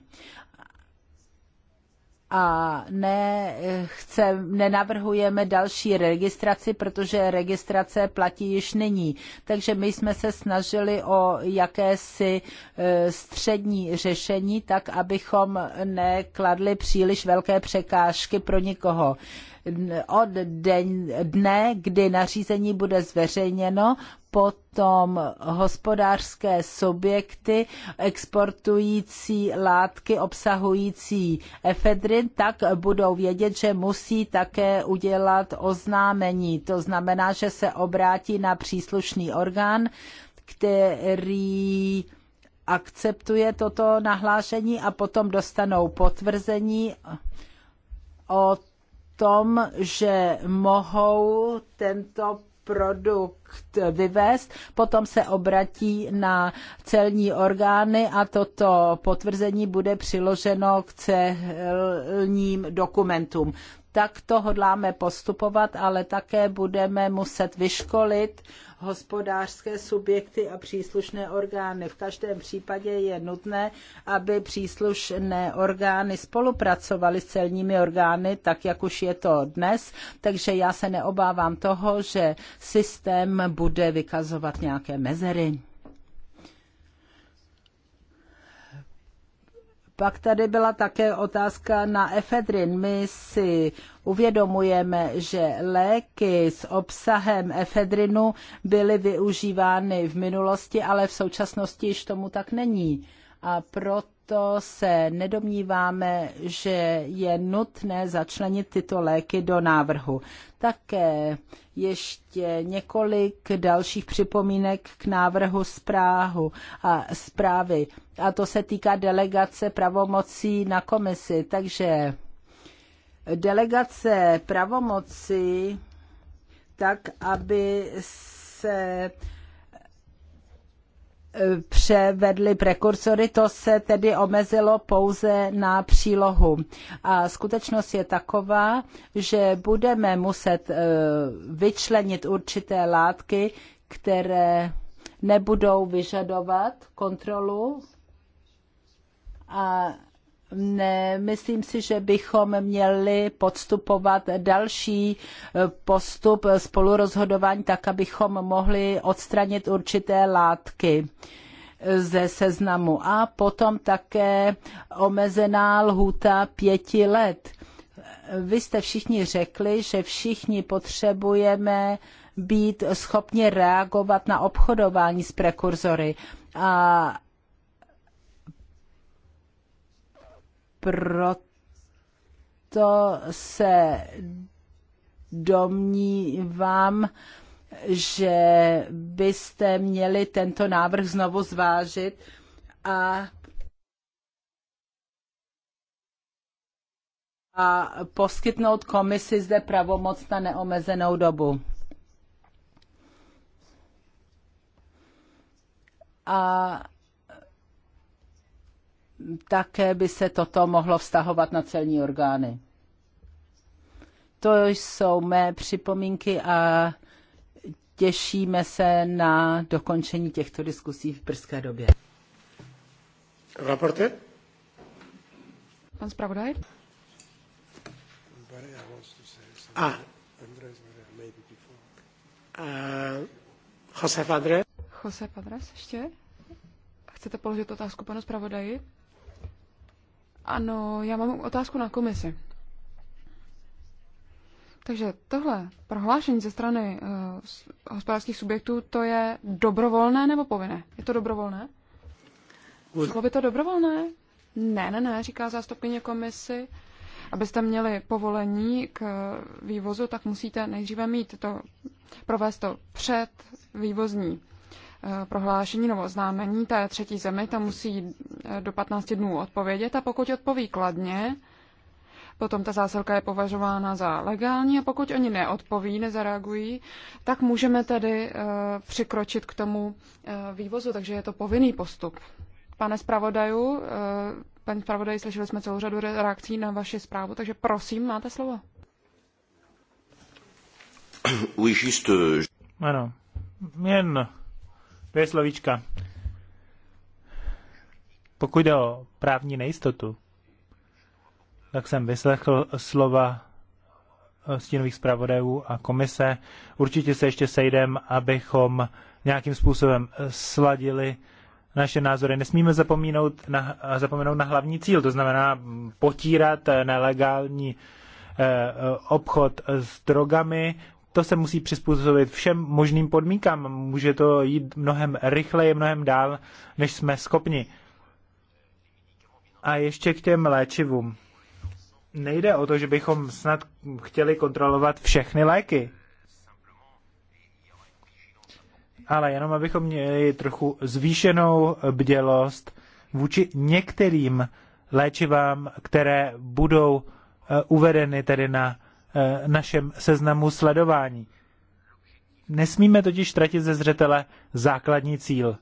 a ne, chce, nenavrhujeme další registraci, protože registrace platí již nyní. Takže my jsme se snažili o jakési e, střední řešení, tak abychom nekladli příliš velké překážky pro nikoho od dne, kdy nařízení bude zveřejněno, potom hospodářské subjekty exportující látky obsahující efedrin, tak budou vědět, že musí také udělat oznámení. To znamená, že se obrátí na příslušný orgán, který akceptuje toto nahlášení a potom dostanou potvrzení od tom, že mohou tento produkt vyvést, potom se obratí na celní orgány a toto potvrzení bude přiloženo k celním dokumentům. Tak to hodláme postupovat, ale také budeme muset vyškolit hospodářské subjekty a příslušné orgány. V každém případě je nutné, aby příslušné orgány spolupracovaly s celními orgány, tak jak už je to dnes, takže já se neobávám toho, že systém bude vykazovat nějaké mezery. Pak tady byla také otázka na efedrin. My si uvědomujeme, že léky s obsahem efedrinu byly využívány v minulosti, ale v současnosti již tomu tak není. A proto se nedomníváme, že je nutné začlenit tyto léky do návrhu. Také ještě několik dalších připomínek k návrhu zprávu a zprávy. A to se týká delegace pravomocí na komisi. Takže delegace pravomocí tak, aby se převedli prekursory, to se tedy omezilo pouze na přílohu. A skutečnost je taková, že budeme muset e, vyčlenit určité látky, které nebudou vyžadovat kontrolu a myslím si, že bychom měli podstupovat další eh, postup spolurozhodování tak, abychom mohli odstranit určité látky ze seznamu. A potom také omezená lhůta pěti let. Vy jste všichni řekli, že všichni potřebujeme být schopni reagovat na obchodování s prekurzory. A proto se domnívám, že byste měli tento návrh znovu zvážit a a poskytnout komisi zde pravomoc na neomezenou dobu. A také by se toto mohlo vztahovat na celní orgány. To jsou mé připomínky a těšíme se na dokončení těchto diskusí v brzké době. Raporte? Pan zpravodaj? A. a. Josef Andres? Josef Andres ještě? Chcete položit otázku panu zpravodaji? Ano, já mám otázku na komisi. Takže tohle prohlášení ze strany uh, hospodářských subjektů, to je dobrovolné nebo povinné? Je to dobrovolné? Bylo by to dobrovolné? Ne, ne, ne, říká zástupkyně komisy. Abyste měli povolení k eh, vývozu, tak musíte nejdříve mít to, provést to před vývozní Eh, prohlášení nebo oznámení té třetí zemi, ta musí eh, do 15 dnů odpovědět a pokud odpoví kladně, potom ta zásilka je považována za legální a pokud oni neodpoví, nezareagují, tak můžeme tedy eh, přikročit k tomu vývozu, takže je to povinný postup. Pane zpravodaju, paní zpravodaj, slyšeli jsme celou řadu reakcí na vaši zprávu, takže prosím, máte slovo. Ano, jen Dvě slovíčka. Pokud jde o právní nejistotu, tak jsem vyslechl slova stínových zpravodajů a komise. Určitě se ještě sejdem, abychom nějakým způsobem sladili naše názory. Nesmíme zapomínout na, zapomenout na hlavní cíl, to znamená potírat nelegální eh, obchod s drogami, to se musí přizpůsobit všem možným podmínkám. Může to jít mnohem rychleji, mnohem dál, než jsme schopni. A ještě k těm léčivům. Nejde o to, že bychom snad chtěli kontrolovat všechny léky. Ale jenom abychom měli trochu zvýšenou bdělost vůči některým léčivám, které budou eh, uvedeny tedy na Eh, našem seznamu sledování. Nesmíme totiž ztratit ze zřetele základní cíl.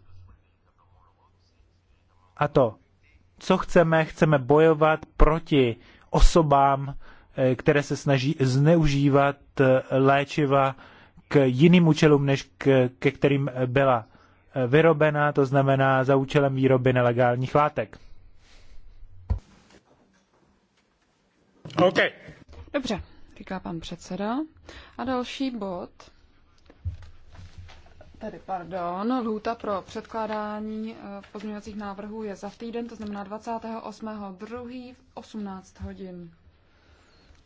A to, co chceme, chceme bojovat proti osobám, eh, které se snaží zneužívat eh, léčiva k jiným účelům, než k, ke kterým byla vyrobena, to znamená za účelem výroby nelegálních látek. OK. Dobře říká pan předseda. A další bod, tedy pardon, lhůta pro předkládání eh, pozměňovacích návrhů je za týden, to znamená 28.2. v 18 hodin.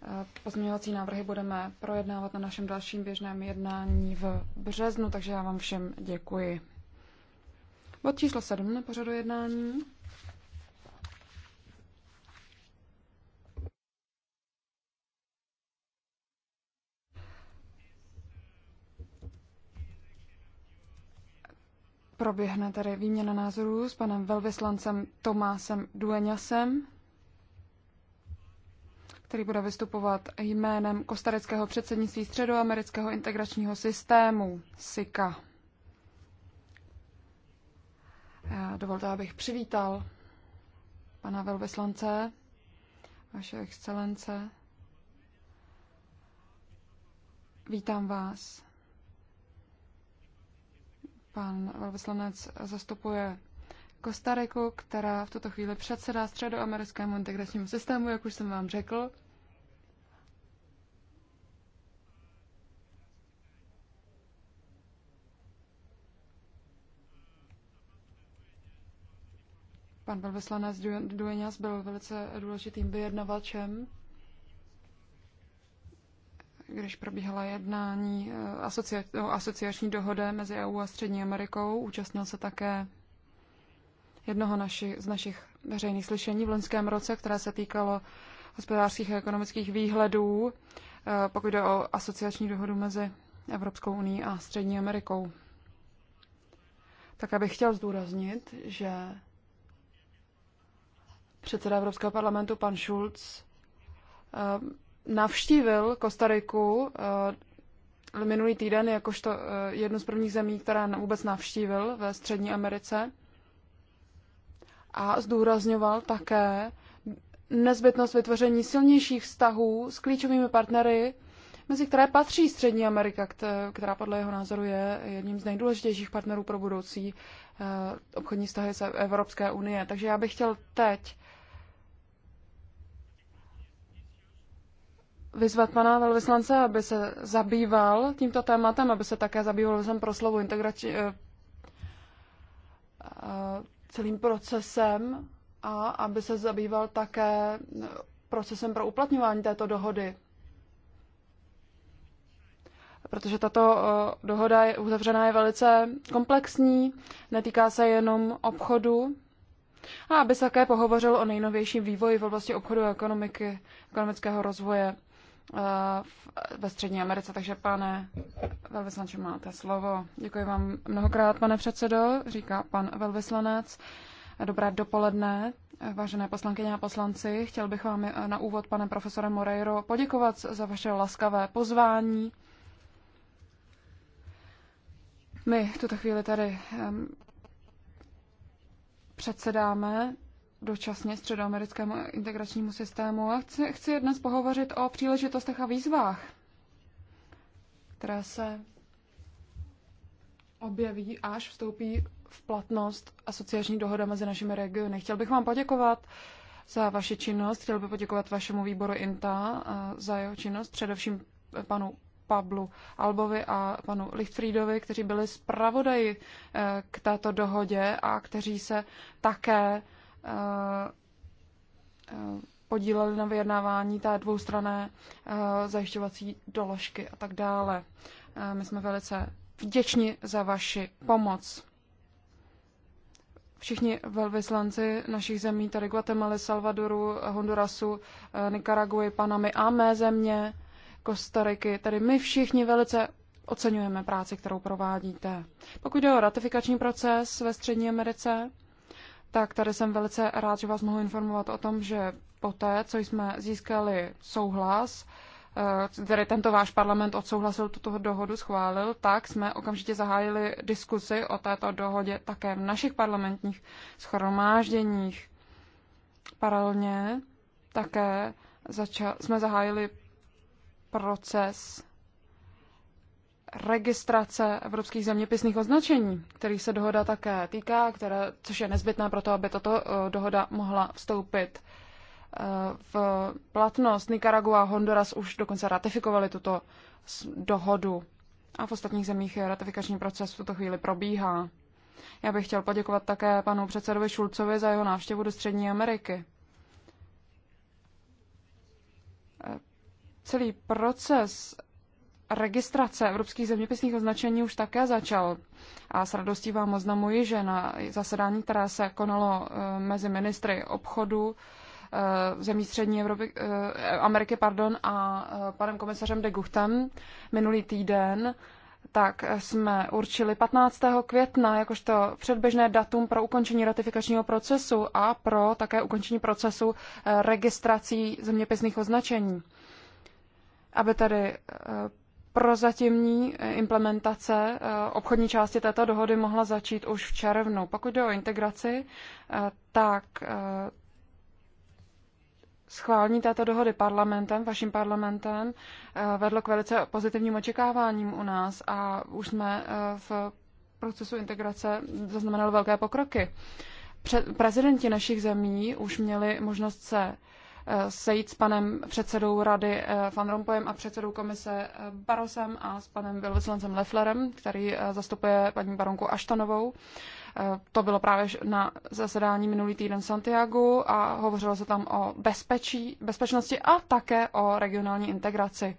Eh, pozměňovací návrhy budeme projednávat na našem dalším běžném jednání v březnu, takže já vám všem děkuji. Bod číslo 7 na pořadu jednání. proběhne tady výměna názorů s panem velvyslancem Tomásem Dueňasem, který bude vystupovat jménem kostareckého předsednictví Středoamerického integračního systému SICA. Dovolte, abych přivítal pana velvyslance, vaše excelence. Vítám vás Pan velvyslanec zastupuje Kostariku, která v tuto chvíli předsedá středoamerickému integračnímu systému, jak už jsem vám řekl. Pan velvyslanec Duenas byl velice důležitým vyjednavačem když probíhala jednání eh, o asociační dohody mezi EU a Střední Amerikou. Účastnil se také jednoho naši, z našich veřejných slyšení v loňském roce, které se týkalo hospodářských a ekonomických výhledů, eh, pokud jde o asociační dohodu mezi Evropskou unii a Střední Amerikou. Tak abych chtěl zdůraznit, že předseda Evropského parlamentu pan Schulz eh, navštívil Kostariku eh, minulý týden jakožto eh, jednu z prvních zemí, která vůbec navštívil ve Střední Americe. A zdůrazňoval také nezbytnost vytvoření silnějších vztahů s klíčovými partnery, mezi které patří Střední Amerika, která podle jeho názoru je jedním z nejdůležitějších partnerů pro budoucí eh, obchodní vztahy se Evropské unie. Takže já bych chtěl teď vyzvat pana velvyslance, aby se zabýval tímto tématem, aby se také zabýval jsem pro slovo integrační eh, eh, celým procesem a aby se zabýval také procesem pro uplatňování této dohody. Protože tato eh, dohoda je uzavřená je velice komplexní, netýká se jenom obchodu, a aby se také pohovořil o nejnovějším vývoji v oblasti obchodu a ekonomiky, ekonomického rozvoje. Eh, ve Střední Americe. Takže, pane velvyslanče, máte slovo. Děkuji vám mnohokrát, pane předsedo, říká pan velvyslanec. Dobré dopoledne, vážené poslankyně a poslanci. Chtěl bych vám eh, na úvod, pane profesore Moreiro, poděkovat za vaše laskavé pozvání. My v tuto chvíli tady předsedáme dočasně středoamerickému integračnímu systému. A chci, chci dnes pohovořit o příležitostech a výzvách, které se objeví, až vstoupí v platnost asociační dohoda mezi našimi regiony. Chtěl bych vám poděkovat za vaši činnost, chtěl bych poděkovat vašemu výboru INTA za jeho činnost, především panu Pablu Albovi a panu Lichtfriedovi, kteří byli zpravodaji eh, k této dohodě a kteří se také podíleli na vyjednávání té dvoustrané eh, zajišťovací doložky a tak dále. Eh, my jsme velice vděční za vaši pomoc. Všichni velvyslanci našich zemí, tady Guatemala, Salvadoru, Hondurasu, eh, Nicaraguji, Panamy a mé země, Kostariky, tady my všichni velice oceňujeme práci, kterou provádíte. Pokud jde o ratifikační proces ve Střední Americe, tak tady jsem velice rád, že vás mohu informovat o tom, že poté, co jsme získali souhlas, který eh, tento váš parlament odsouhlasil tuto dohodu, schválil, tak jsme okamžitě zahájili diskusy o této dohodě také v našich parlamentních schromážděních. Paralelně také zača- jsme zahájili proces registrace evropských zeměpisných označení, který se dohoda také týká, které, což je nezbytné pro to, aby tato eh, dohoda mohla vstoupit eh, v platnost. Nicaragua a Honduras už dokonce ratifikovali tuto dohodu a v ostatních zemích ratifikační proces v tuto chvíli probíhá. Já bych chtěl poděkovat také panu předsedovi Šulcovi za jeho návštěvu do Střední Ameriky. Eh, celý proces registrace evropských zeměpisných označení už také začal. A s radostí vám oznamuji, že na zasedání, které se konalo eh, mezi ministry obchodu, eh, zemí střední Evropy, eh, Ameriky pardon, a panem komisařem de Guchtem minulý týden, tak jsme určili 15. května jakožto předběžné datum pro ukončení ratifikačního procesu a pro také ukončení procesu registrací zeměpisných označení. Aby tedy prozatímní eh, implementace eh, obchodní části této dohody mohla začít už v červnu. Pokud jde o integraci, eh, tak schválení této dohody parlamentem, vaším parlamentem, vedlo k velice pozitivním očekáváním u nás a už jsme v procesu integrace zaznamenali velké pokroky. Prezidenti našich zemí už měli možnost se Eh, sejít s panem předsedou rady eh, Van Rompuyem a předsedou komise eh, Barosem a s panem velvyslancem Lefflerem, který zastupuje paní baronku Aštanovou. To bylo právě na zasedání minulý týden v Santiago a hovořilo se tam o bezpečí, bezpečnosti a také o regionální integraci.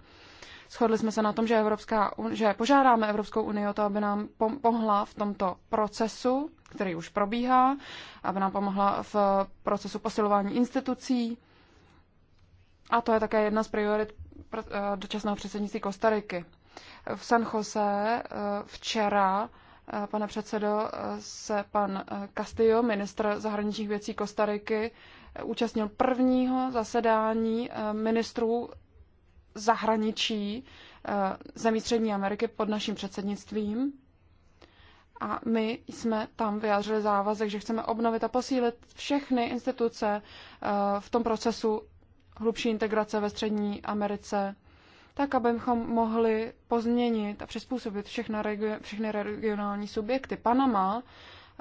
Shodli jsme se na tom, že, Evropská, že požádáme Evropskou unii o to, aby nám pomohla v tomto procesu, který už probíhá, aby nám pomohla v procesu posilování institucí, a to je také jedna z priorit eh, dočasného předsednictví Kostariky. V San Jose eh, včera, eh, pane předsedo, se pan Castillo, ministr zahraničních věcí Kostariky, účastnil prvního zasedání ministrů zahraničí zemí Střední Ameriky pod naším předsednictvím. A my jsme tam vyjádřili závazek, že chceme obnovit a posílit všechny instituce v tom procesu hlubší integrace ve Střední Americe, tak abychom mohli pozměnit a přizpůsobit všechny, regio- všechny regionální subjekty. Panama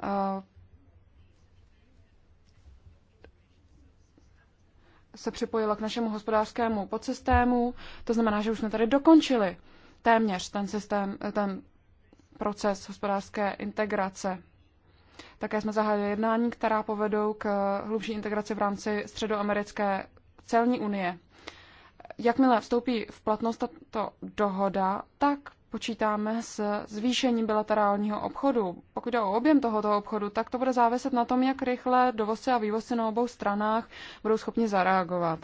eh, se připojila k našemu hospodářskému podsystému, to znamená, že už jsme tady dokončili téměř ten systém, eh, ten proces hospodářské integrace. Také jsme zahájili jednání, která povedou k hlubší integraci v rámci středoamerické celní unie. Jakmile vstoupí v platnost tato dohoda, tak počítáme s zvýšením bilaterálního obchodu. Pokud jde o objem tohoto obchodu, tak to bude záviset na tom, jak rychle dovozce a vývozci na obou stranách budou schopni zareagovat.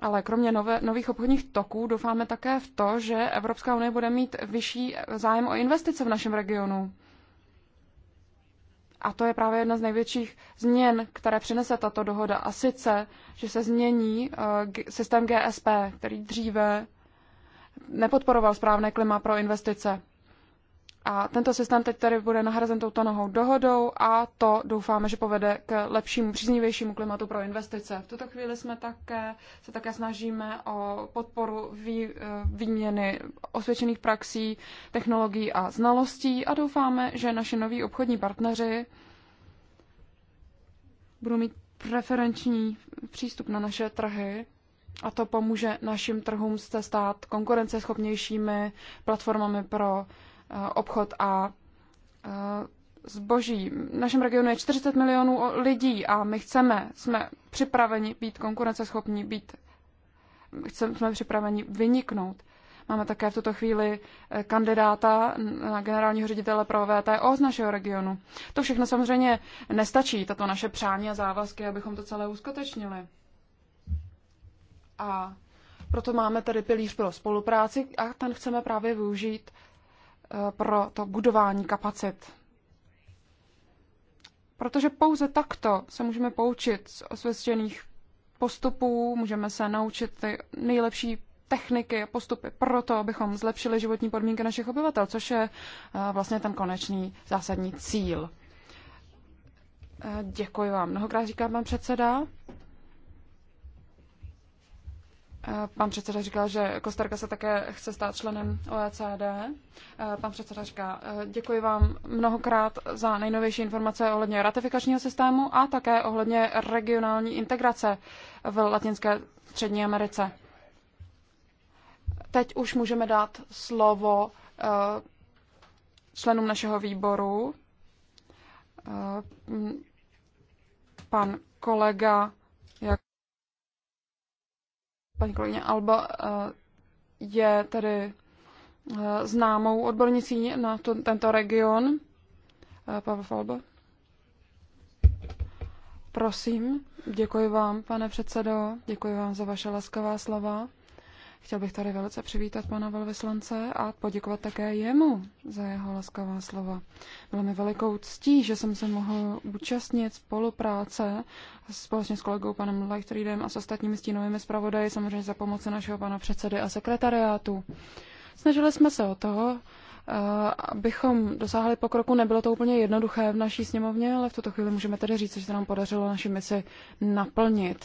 Ale kromě nové, nových obchodních toků doufáme také v to, že Evropská unie bude mít vyšší zájem o investice v našem regionu. A to je právě jedna z největších změn, které přinese tato dohoda. A sice, že se změní eh, systém GSP, který dříve nepodporoval správné klima pro investice. A tento systém teď tady bude nahrazen touto nohou dohodou a to doufáme, že povede k lepšímu, příznivějšímu klimatu pro investice. V tuto chvíli jsme také, se také snažíme o podporu vý, eh, výměny osvědčených praxí, technologií a znalostí a doufáme, že naši noví obchodní partneři budou mít preferenční přístup na naše trhy a to pomůže našim trhům se stát konkurenceschopnějšími platformami pro Eh, obchod a eh, zboží. V našem regionu je 40 milionů lidí a my chceme, jsme připraveni být konkurenceschopní, být, chceme, jsme připraveni vyniknout. Máme také v tuto chvíli eh, kandidáta na generálního ředitele pro VTO z našeho regionu. To všechno samozřejmě nestačí, tato naše přání a závazky, abychom to celé uskutečnili. A proto máme tady pilíř pro spolupráci a ten chceme právě využít Eh, pro to budování kapacit. Protože pouze takto se můžeme poučit z osvědčených postupů, můžeme se naučit ty nejlepší techniky a postupy pro to, abychom zlepšili životní podmínky našich obyvatel, což je eh, vlastně ten konečný zásadní cíl. Eh, děkuji vám. Mnohokrát říká pan předseda. Pan předseda říkal, že Kostarka se také chce stát členem OECD. Pan předseda říká, eh, děkuji vám mnohokrát za nejnovější informace ohledně ratifikačního systému a také ohledně regionální integrace v Latinské střední Americe. Teď už můžeme dát slovo eh, členům našeho výboru. Eh, pan kolega paní kolegyně Alba eh, je tedy eh, známou odbornicí na to, tento region. Eh, Pavel Falba. Prosím, děkuji vám, pane předsedo, děkuji vám za vaše laskavá slova. Chtěl bych tady velice přivítat pana velvyslance a poděkovat také jemu za jeho laskavá slova. Bylo mi velikou ctí, že jsem se mohl účastnit spolupráce společně s kolegou panem Leichtridem a s ostatními stínovými zpravodaji, samozřejmě za pomoci našeho pana předsedy a sekretariátu. Snažili jsme se o toho, eh, abychom dosáhli pokroku. Nebylo to úplně jednoduché v naší sněmovně, ale v tuto chvíli můžeme tedy říct, že se nám podařilo naši misi naplnit.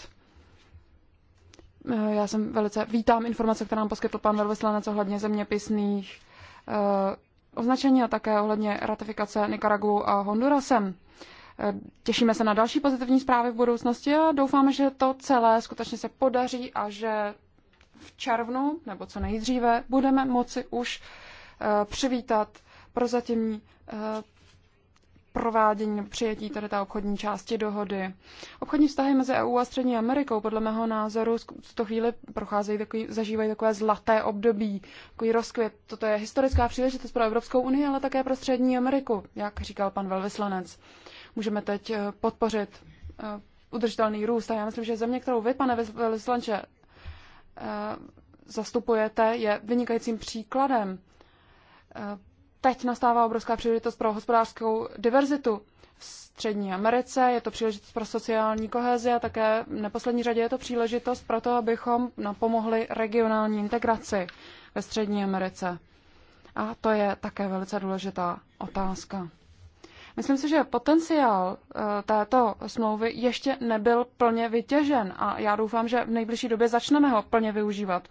Eh, já jsem velice vítám informace, která nám poskytl pan velvyslanec ohledně zeměpisných eh, označení a také ohledně ratifikace Nikaragu a Hondurasem. Eh, těšíme se na další pozitivní zprávy v budoucnosti a doufáme, že to celé skutečně se podaří a že v červnu, nebo co nejdříve, budeme moci už přivítat prozatímní provádění přijetí tady té obchodní části dohody. Obchodní vztahy mezi EU a Střední Amerikou podle mého názoru v tuto chvíli procházejí takový, zažívají takové zlaté období, takový rozkvět. Toto je historická příležitost pro Evropskou unii, ale také pro Střední Ameriku, jak říkal pan velvyslanec. Můžeme teď eh, podpořit eh, udržitelný růst a já myslím, že země, kterou vy, pane velvyslanče, eh, zastupujete, je vynikajícím příkladem teď nastává obrovská příležitost pro hospodářskou diverzitu v Střední Americe, je to příležitost pro sociální kohezi a také v neposlední řadě je to příležitost pro to, abychom napomohli regionální integraci ve Střední Americe. A to je také velice důležitá otázka. Myslím si, že potenciál eh, této smlouvy ještě nebyl plně vytěžen a já doufám, že v nejbližší době začneme ho plně využívat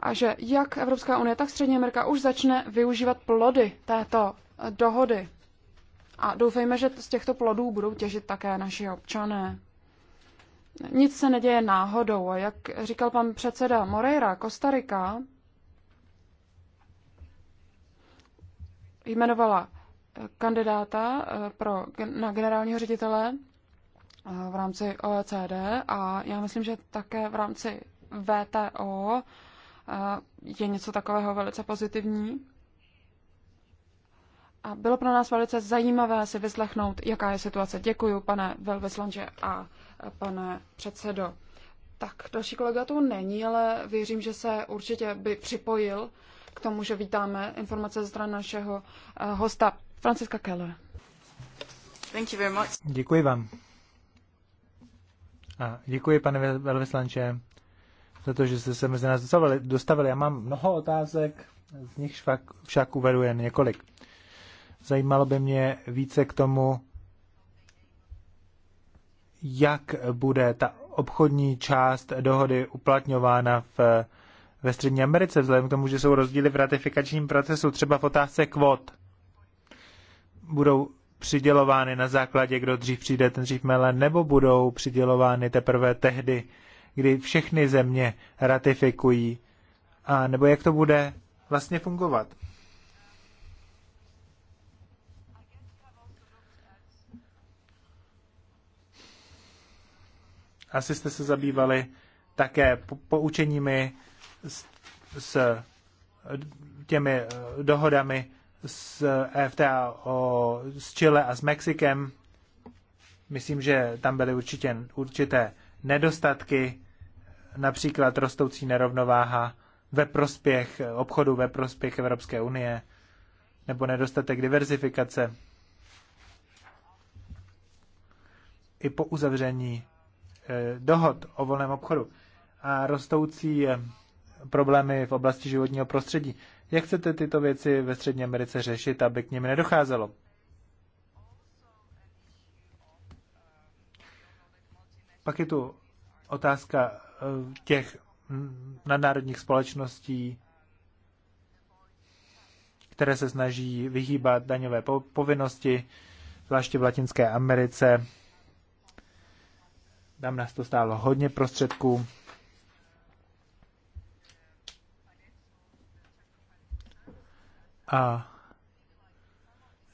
a že jak Evropská unie, tak Střední Amerika už začne využívat plody této eh, dohody. A doufejme, že z těchto plodů budou těžit také naši občané. Nic se neděje náhodou. A jak říkal pan předseda Moreira, Kostarika jmenovala eh, kandidáta eh, pro, na generálního ředitele v rámci OECD a já myslím, že také v rámci VTO je něco takového velice pozitivní. A bylo pro nás velice zajímavé si vyslechnout, jaká je situace. Děkuji, pane velvyslanče a pane předsedo. Tak, další kolega tu není, ale věřím, že se určitě by připojil k tomu, že vítáme informace ze strany našeho eh, hosta Franciska Keller. Thank you very much. Děkuji vám. A děkuji, pane velvyslanče, za to, že jste se mezi nás dostavili. dostavili. Já mám mnoho otázek, z nich však, však uvedu jen několik. Zajímalo by mě více k tomu, jak bude ta obchodní část dohody uplatňována v, ve Střední Americe, vzhledem k tomu, že jsou rozdíly v ratifikačním procesu, třeba v otázce kvot. Budou přidělovány na základě, kdo dřív přijde, ten dřív mele, nebo budou přidělovány teprve tehdy, kdy všechny země ratifikují, a nebo jak to bude vlastně fungovat. Asi jste se zabývali také poučeními s, s těmi eh, dohodami s e FTA o, s Chile a s Mexikem. Myslím, že tam byly určitě, určité nedostatky například rostoucí nerovnováha ve prospěch obchodu, ve prospěch Evropské unie, nebo nedostatek diverzifikace. I po uzavření eh, dohod o volném obchodu a rostoucí eh, problémy v oblasti životního prostředí. Jak chcete tyto věci ve Střední Americe řešit, aby k nim nedocházelo? Pak je tu otázka eh, těch nadnárodních společností, které se snaží vyhýbat daňové povinnosti, zvláště v Latinské Americe. Tam nás to stálo hodně prostředků. A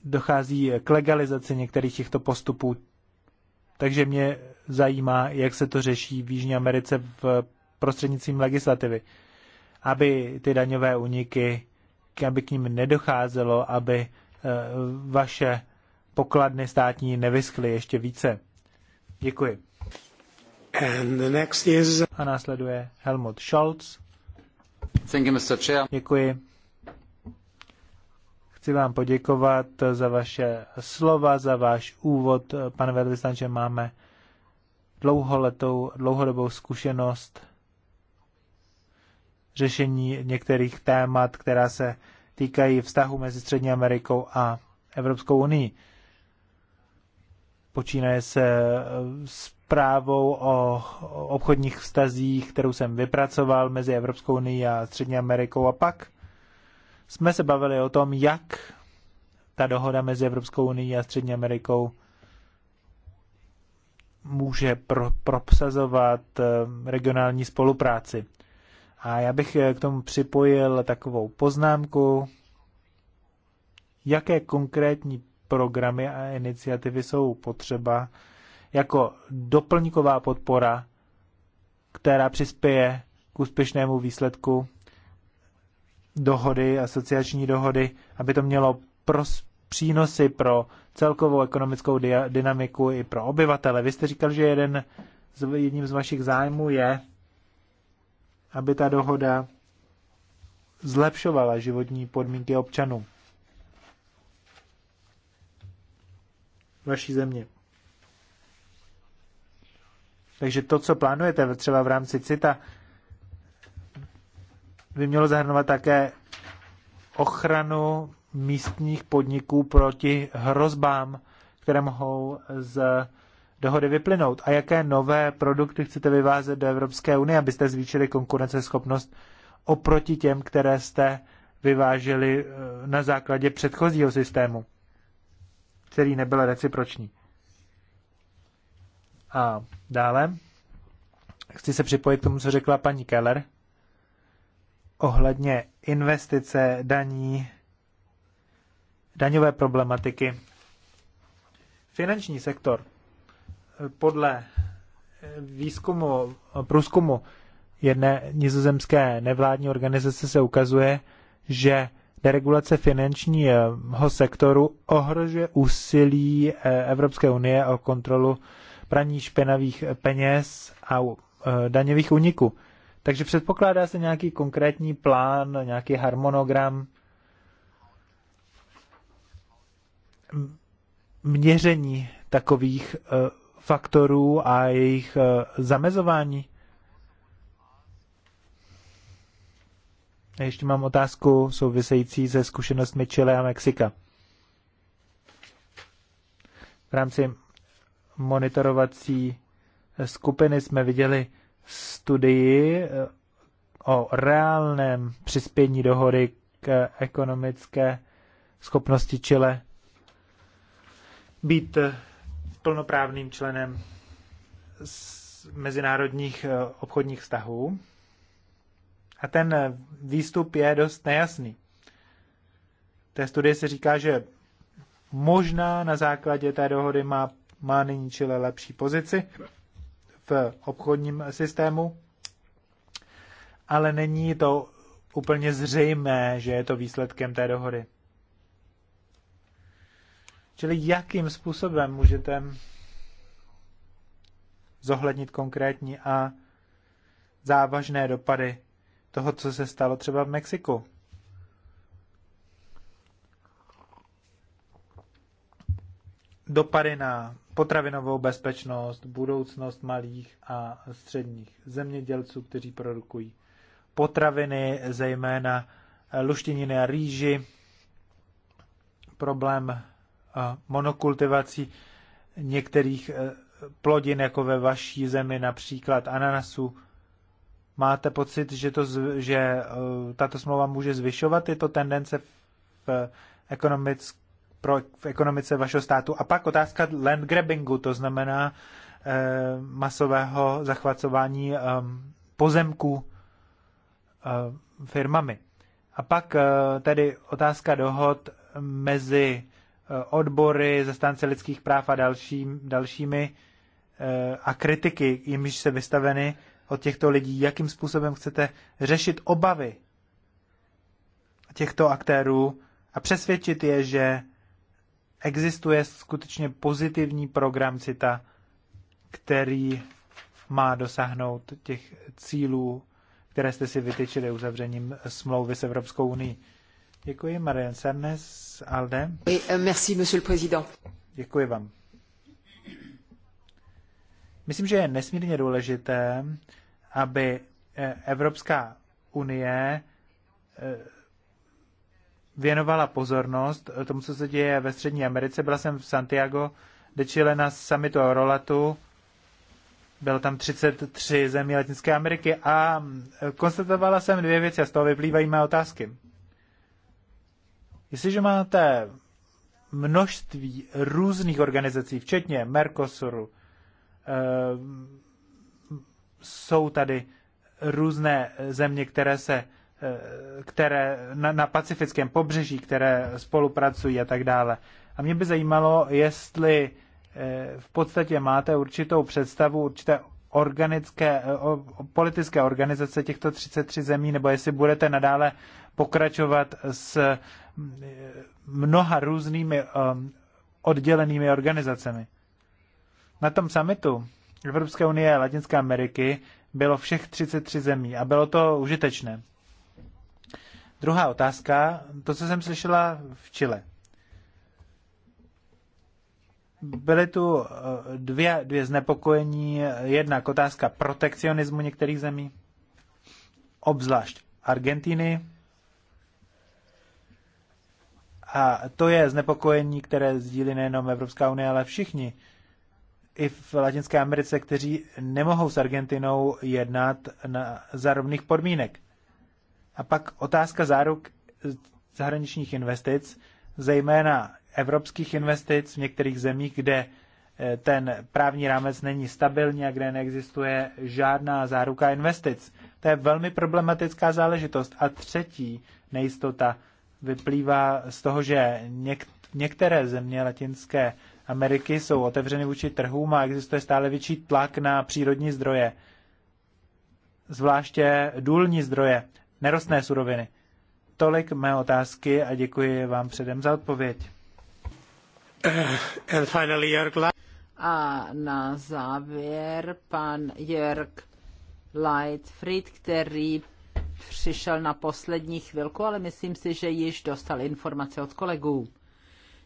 dochází k legalizaci některých těchto postupů. Takže mě zajímá, jak se to řeší v Jižní Americe v prostřednictvím legislativy. Aby ty daňové uniky, aby k ním nedocházelo, aby eh, vaše pokladny státní nevyschly ještě více. Děkuji. And the next is... A následuje Helmut Scholz. Thank you, Mr. Chair. Děkuji. Chci vám poděkovat za vaše slova, za váš úvod. Pane velvyslanče, máme dlouholetou, dlouhodobou zkušenost řešení některých témat, která se týkají vztahu mezi Střední Amerikou a Evropskou unii. Počínaje se e, zprávou o obchodních vztazích, kterou jsem vypracoval mezi Evropskou unii a Střední Amerikou a pak jsme se bavili o tom, jak ta dohoda mezi Evropskou unii a Střední Amerikou může pro, propsazovat eh, regionální spolupráci. A já bych eh, k tomu připojil takovou poznámku, jaké konkrétní programy a iniciativy jsou potřeba jako doplňková podpora, která přispěje k úspěšnému výsledku dohody, asociační dohody, aby to mělo pros- přínosy pro celkovou ekonomickou dynamiku i pro obyvatele. Vy jste říkal, že jeden z, jedním z vašich zájmů je, aby ta dohoda zlepšovala životní podmínky občanů vaší země. Takže to, co plánujete třeba v rámci CITA, by mělo zahrnovat také ochranu místních podniků proti hrozbám, které mohou z dohody vyplynout? A jaké nové produkty chcete vyvázet do Evropské unie, abyste zvýšili konkurenceschopnost oproti těm, které jste vyváželi eh, na základě předchozího systému, který nebyl reciproční? A dále chci se připojit k tomu, co řekla paní Keller ohledně investice daní daňové problematiky. Finanční sektor eh, podle eh, výzkumu, průzkumu jedné nizozemské nevládní organizace se ukazuje, že deregulace finančního sektoru ohrožuje úsilí eh, Evropské unie o kontrolu praní špinavých peněz a daňových úniků. Takže předpokládá se nějaký konkrétní plán, nějaký harmonogram, měření takových eh, faktorů a jejich eh, zamezování? ještě mám otázku související se zkušenostmi Chile a Mexika. V rámci monitorovací skupiny jsme viděli studii eh, o reálném přispění dohody k ekonomické schopnosti Chile být eh, plnoprávným členem mezinárodních eh, obchodních vztahů. A ten eh, výstup je dost nejasný. V té studie se říká, že možná na základě té dohody má, má nyní Chile lepší pozici v obchodním systému, ale není to úplně zřejmé, že je to výsledkem té dohody. Čili jakým způsobem můžete zohlednit konkrétní a závažné dopady toho, co se stalo třeba v Mexiku. Dopady na potravinovou bezpečnost, budoucnost malých a středních zemědělců, kteří produkují potraviny, zejména luštěniny a rýži, problém monokultivací některých eh, plodin, jako ve vaší zemi, například ananasu, máte pocit, že, to, že eh, tato smlouva může zvyšovat tyto tendence v, ekonomick, pro, v ekonomice vašeho státu? A pak otázka land grabbingu, to znamená eh, masového zachvacování eh, pozemků eh, firmami. A pak eh, tedy otázka dohod mezi Eh, odbory, zastánce lidských práv a další, dalšími eh, a kritiky, jimž se vystaveny od těchto lidí, jakým způsobem chcete řešit obavy těchto aktérů a přesvědčit je, že existuje skutečně pozitivní program CITA, který má dosáhnout těch cílů, které jste si vytyčili uzavřením smlouvy s Evropskou unii. Děkuji, Marian Sernes Alde. Oui, euh, merci, monsieur le président. Děkuji vám. Myslím, že je nesmírně důležité, aby eh, Evropská unie eh, věnovala pozornost tomu, co se děje ve Střední Americe. Byla jsem v Santiago de Chile na summitu Eurolatu. Bylo tam 33 zemí Latinské Ameriky a eh, konstatovala jsem dvě věci a z toho vyplývají mé otázky. Jestliže máte množství různých organizací, včetně Mercosuru, eh, jsou tady různé země, které se eh, které na, na pacifickém pobřeží, které spolupracují a tak dále. A mě by zajímalo, jestli eh, v podstatě máte určitou představu, určité organické, politické organizace těchto 33 zemí, nebo jestli budete nadále pokračovat s eh, mnoha různými ehm, oddělenými organizacemi. Na tom summitu Evropské unie a Latinské Ameriky bylo všech 33 zemí a bylo to užitečné. Druhá otázka, to, co jsem slyšela v Chile. Byly tu eh, dvě, dvě znepokojení. Jednak otázka protekcionismu některých zemí, obzvlášť Argentiny, a to je znepokojení, které sdílí nejenom Evropská unie, ale všichni i v Latinské Americe, kteří nemohou s Argentinou jednat na, za rovných podmínek. A pak otázka záruk zahraničních investic, zejména evropských investic v některých zemích, kde eh, ten právní rámec není stabilní a kde neexistuje žádná záruka investic. To je velmi problematická záležitost. A třetí nejistota vyplývá z toho, že něk- některé země Latinské Ameriky jsou otevřeny vůči trhům a existuje stále větší tlak na přírodní zdroje, zvláště důlní zdroje, nerostné suroviny. Tolik mé otázky a děkuji vám předem za odpověď. Eh, and finally, Jörg a na závěr pan Jörg Lightfried, který přišel na poslední chvilku, ale myslím si, že již dostal informace od kolegů.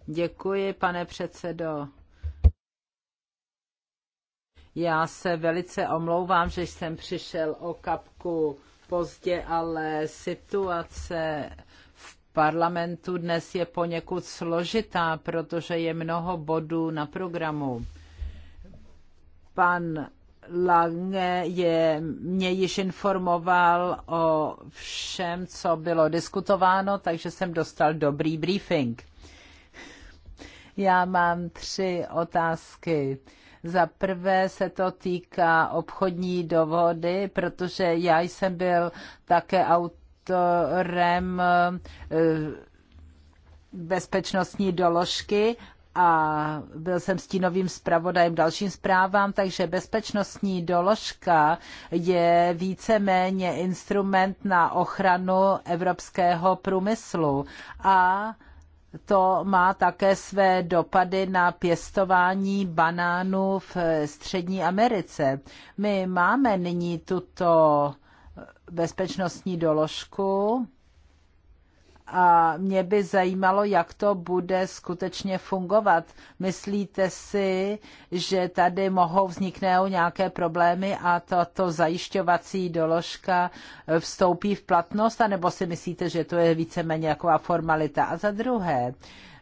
Děkuji, pane předsedo. Já se velice omlouvám, že jsem přišel o kapku pozdě, ale situace v parlamentu dnes je poněkud složitá, protože je mnoho bodů na programu. Pan Lange je, mě již informoval o všem, co bylo diskutováno, takže jsem dostal dobrý briefing. Já mám tři otázky. Za prvé se to týká obchodní dohody, protože já jsem byl také autorem eh, bezpečnostní doložky a byl jsem stínovým zpravodajem dalším zprávám, takže bezpečnostní doložka je víceméně instrument na ochranu evropského průmyslu a to má také své dopady na pěstování banánů v Střední Americe. My máme nyní tuto bezpečnostní doložku a mě by zajímalo, jak to bude skutečně fungovat. Myslíte si, že tady mohou vzniknout nějaké problémy a tato zajišťovací doložka vstoupí v platnost, anebo si myslíte, že to je víceméně taková formalita? A za druhé,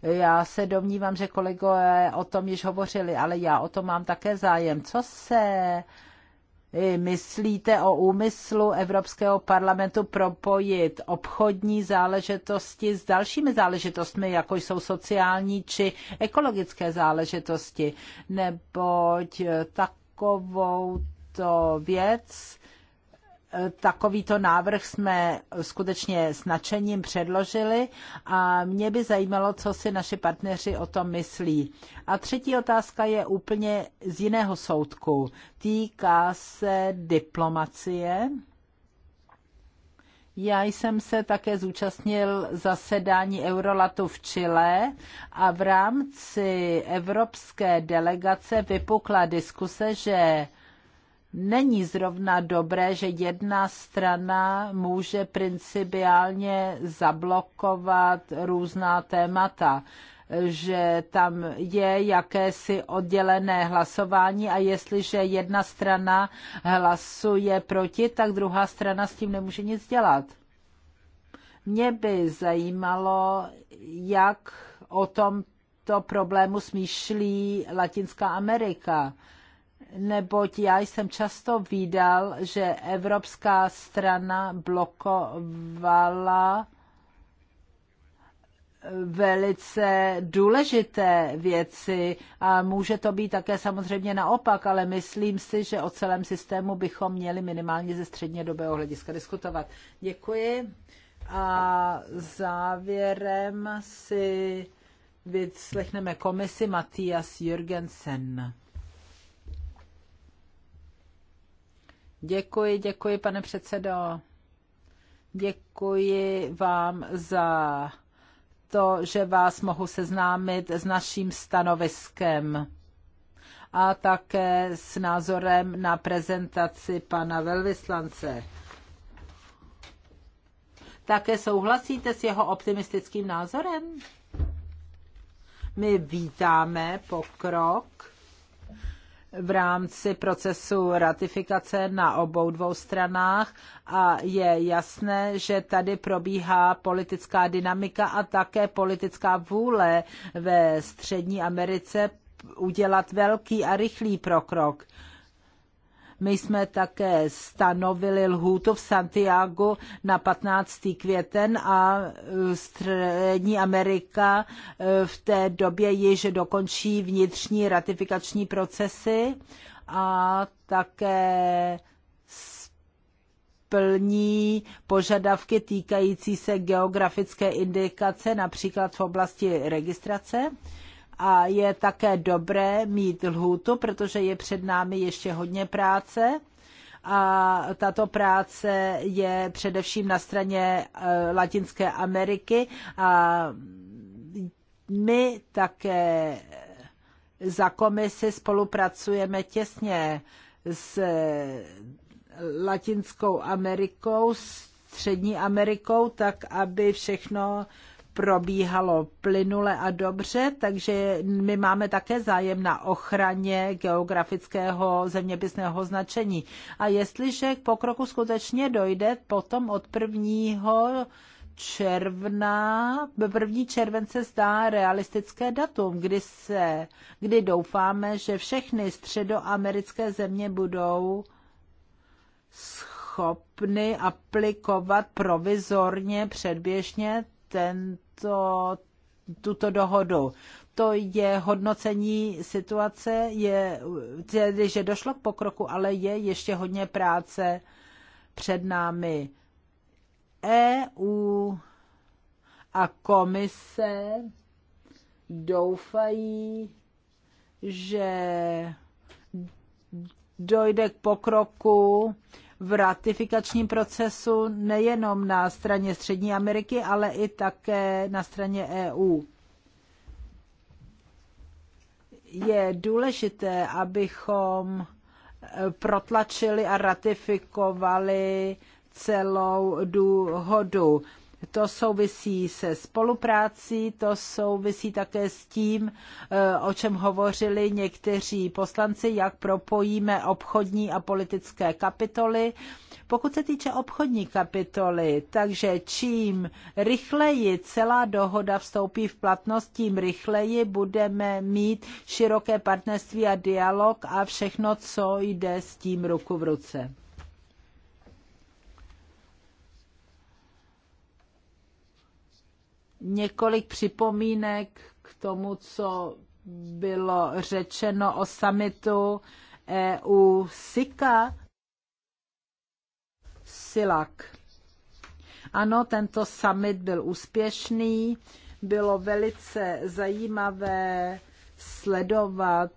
já se domnívám, že kolegové o tom již hovořili, ale já o tom mám také zájem. Co se myslíte o úmyslu Evropského parlamentu propojit obchodní záležitosti s dalšími záležitostmi, jako jsou sociální či ekologické záležitosti, neboť takovou to věc Takovýto návrh jsme skutečně s nadšením předložili a mě by zajímalo, co si naši partneři o tom myslí. A třetí otázka je úplně z jiného soudku. Týká se diplomacie. Já jsem se také zúčastnil zasedání Eurolatu v Chile a v rámci evropské delegace vypukla diskuse, že není zrovna dobré, že jedna strana může principiálně zablokovat různá témata že tam je jakési oddělené hlasování a jestliže jedna strana hlasuje proti, tak druhá strana s tím nemůže nic dělat. Mě by zajímalo, jak o tomto problému smýšlí Latinská Amerika neboť já jsem často výdal, že evropská strana blokovala velice důležité věci a může to být také samozřejmě naopak, ale myslím si, že o celém systému bychom měli minimálně ze dobého hlediska diskutovat. Děkuji a závěrem si vyslechneme komisi Matias Jürgensen. Děkuji, děkuji, pane předsedo. Děkuji vám za to, že vás mohu seznámit s naším stanoviskem a také s názorem na prezentaci pana velvyslance. Také souhlasíte s jeho optimistickým názorem? My vítáme pokrok v rámci procesu ratifikace na obou dvou stranách a je jasné, že tady probíhá politická dynamika a také politická vůle ve Střední Americe udělat velký a rychlý prokrok. My jsme také stanovili lhůtu v Santiago na 15. květen a e, Střední Amerika e, v té době již dokončí vnitřní ratifikační procesy a také plní požadavky týkající se geografické indikace, například v oblasti registrace a je také dobré mít lhůtu, protože je před námi ještě hodně práce a tato práce je především na straně eh, Latinské Ameriky a my také za komisi spolupracujeme těsně s eh, Latinskou Amerikou, Střední Amerikou, tak aby všechno probíhalo plynule a dobře, takže my máme také zájem na ochraně geografického zeměpisného značení. A jestliže k pokroku skutečně dojde, potom od prvního června, první července zdá realistické datum, kdy, se, kdy doufáme, že všechny středoamerické země budou schopny aplikovat provizorně předběžně ten to, tuto dohodu. To je hodnocení situace, je, tedy, že došlo k pokroku, ale je ještě hodně práce před námi. EU a komise doufají, že dojde k pokroku v ratifikačním procesu nejenom na straně Střední Ameriky, ale i také na straně EU. Je důležité, abychom eh, protlačili a ratifikovali celou dohodu. To souvisí se spoluprácí, to souvisí také s tím, eh, o čem hovořili někteří poslanci, jak propojíme obchodní a politické kapitoly. Pokud se týče obchodní kapitoly, takže čím rychleji celá dohoda vstoupí v platnost, tím rychleji budeme mít široké partnerství a dialog a všechno, co jde s tím ruku v ruce. několik připomínek k tomu, co bylo řečeno o summitu EU SIKA. SILAK. Ano, tento summit byl úspěšný, bylo velice zajímavé sledovat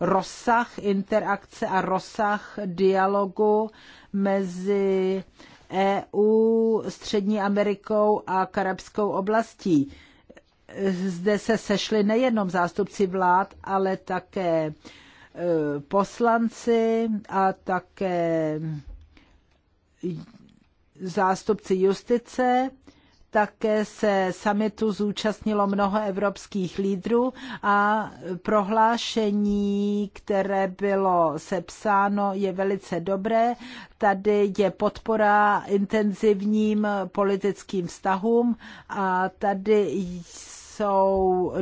rozsah interakce a rozsah dialogu mezi EU, Střední Amerikou a Karabskou oblastí. Zde se sešli nejenom zástupci vlád, ale také e, poslanci a také zástupci justice také se summitu zúčastnilo mnoho evropských lídrů a prohlášení, které bylo sepsáno, je velice dobré. Tady je podpora intenzivním politickým vztahům a tady jsou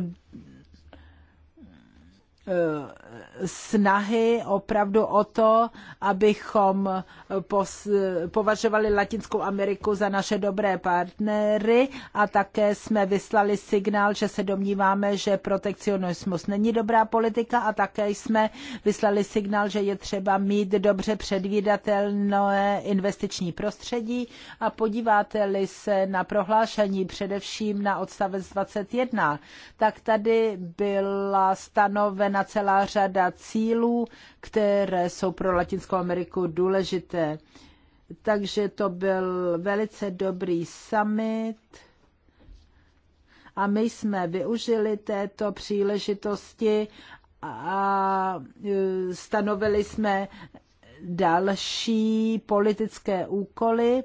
Eh, snahy opravdu o to, abychom pos, považovali Latinskou Ameriku za naše dobré partnery a také jsme vyslali signál, že se domníváme, že protekcionismus není dobrá politika a také jsme vyslali signál, že je třeba mít dobře předvídatelné investiční prostředí a podíváte-li se na prohlášení především na odstavec 21, tak tady byla stanovena stanovena celá řada cílů, které jsou pro Latinskou Ameriku důležité. Takže to byl velice dobrý summit a my jsme využili této příležitosti a e, stanovili jsme další politické úkoly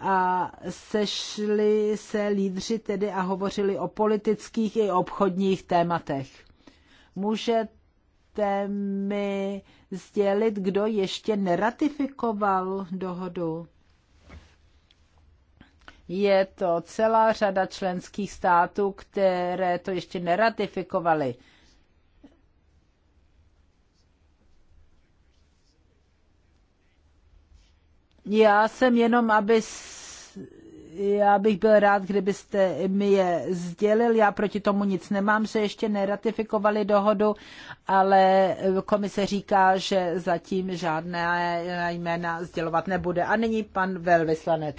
a sešli se lídři tedy a hovořili o politických i obchodních tématech. Můžete mi sdělit, kdo ještě neratifikoval dohodu? Je to celá řada členských států, které to ještě neratifikovaly. Já jsem jenom, aby já bych byl rád, kdybyste mi je sdělil. Já proti tomu nic nemám, že ještě neratifikovali dohodu, ale komise říká, že zatím žádné jména sdělovat nebude. A nyní pan velvyslanec.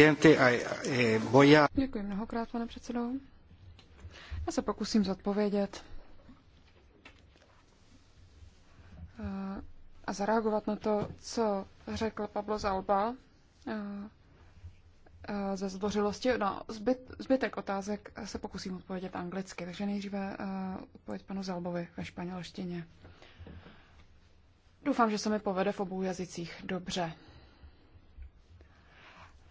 Děkuji mnohokrát, pane předsedo. Já se pokusím zodpovědět eh, a zareagovat na to, co řekl Pablo Zalba eh, Eh, ze zdvořilosti na no, zbyt, zbytek otázek se pokusím odpovědět anglicky. Takže nejdříve eh, odpověď panu Zalbovi ve španělštině. Doufám, že se mi povede v obou jazycích dobře.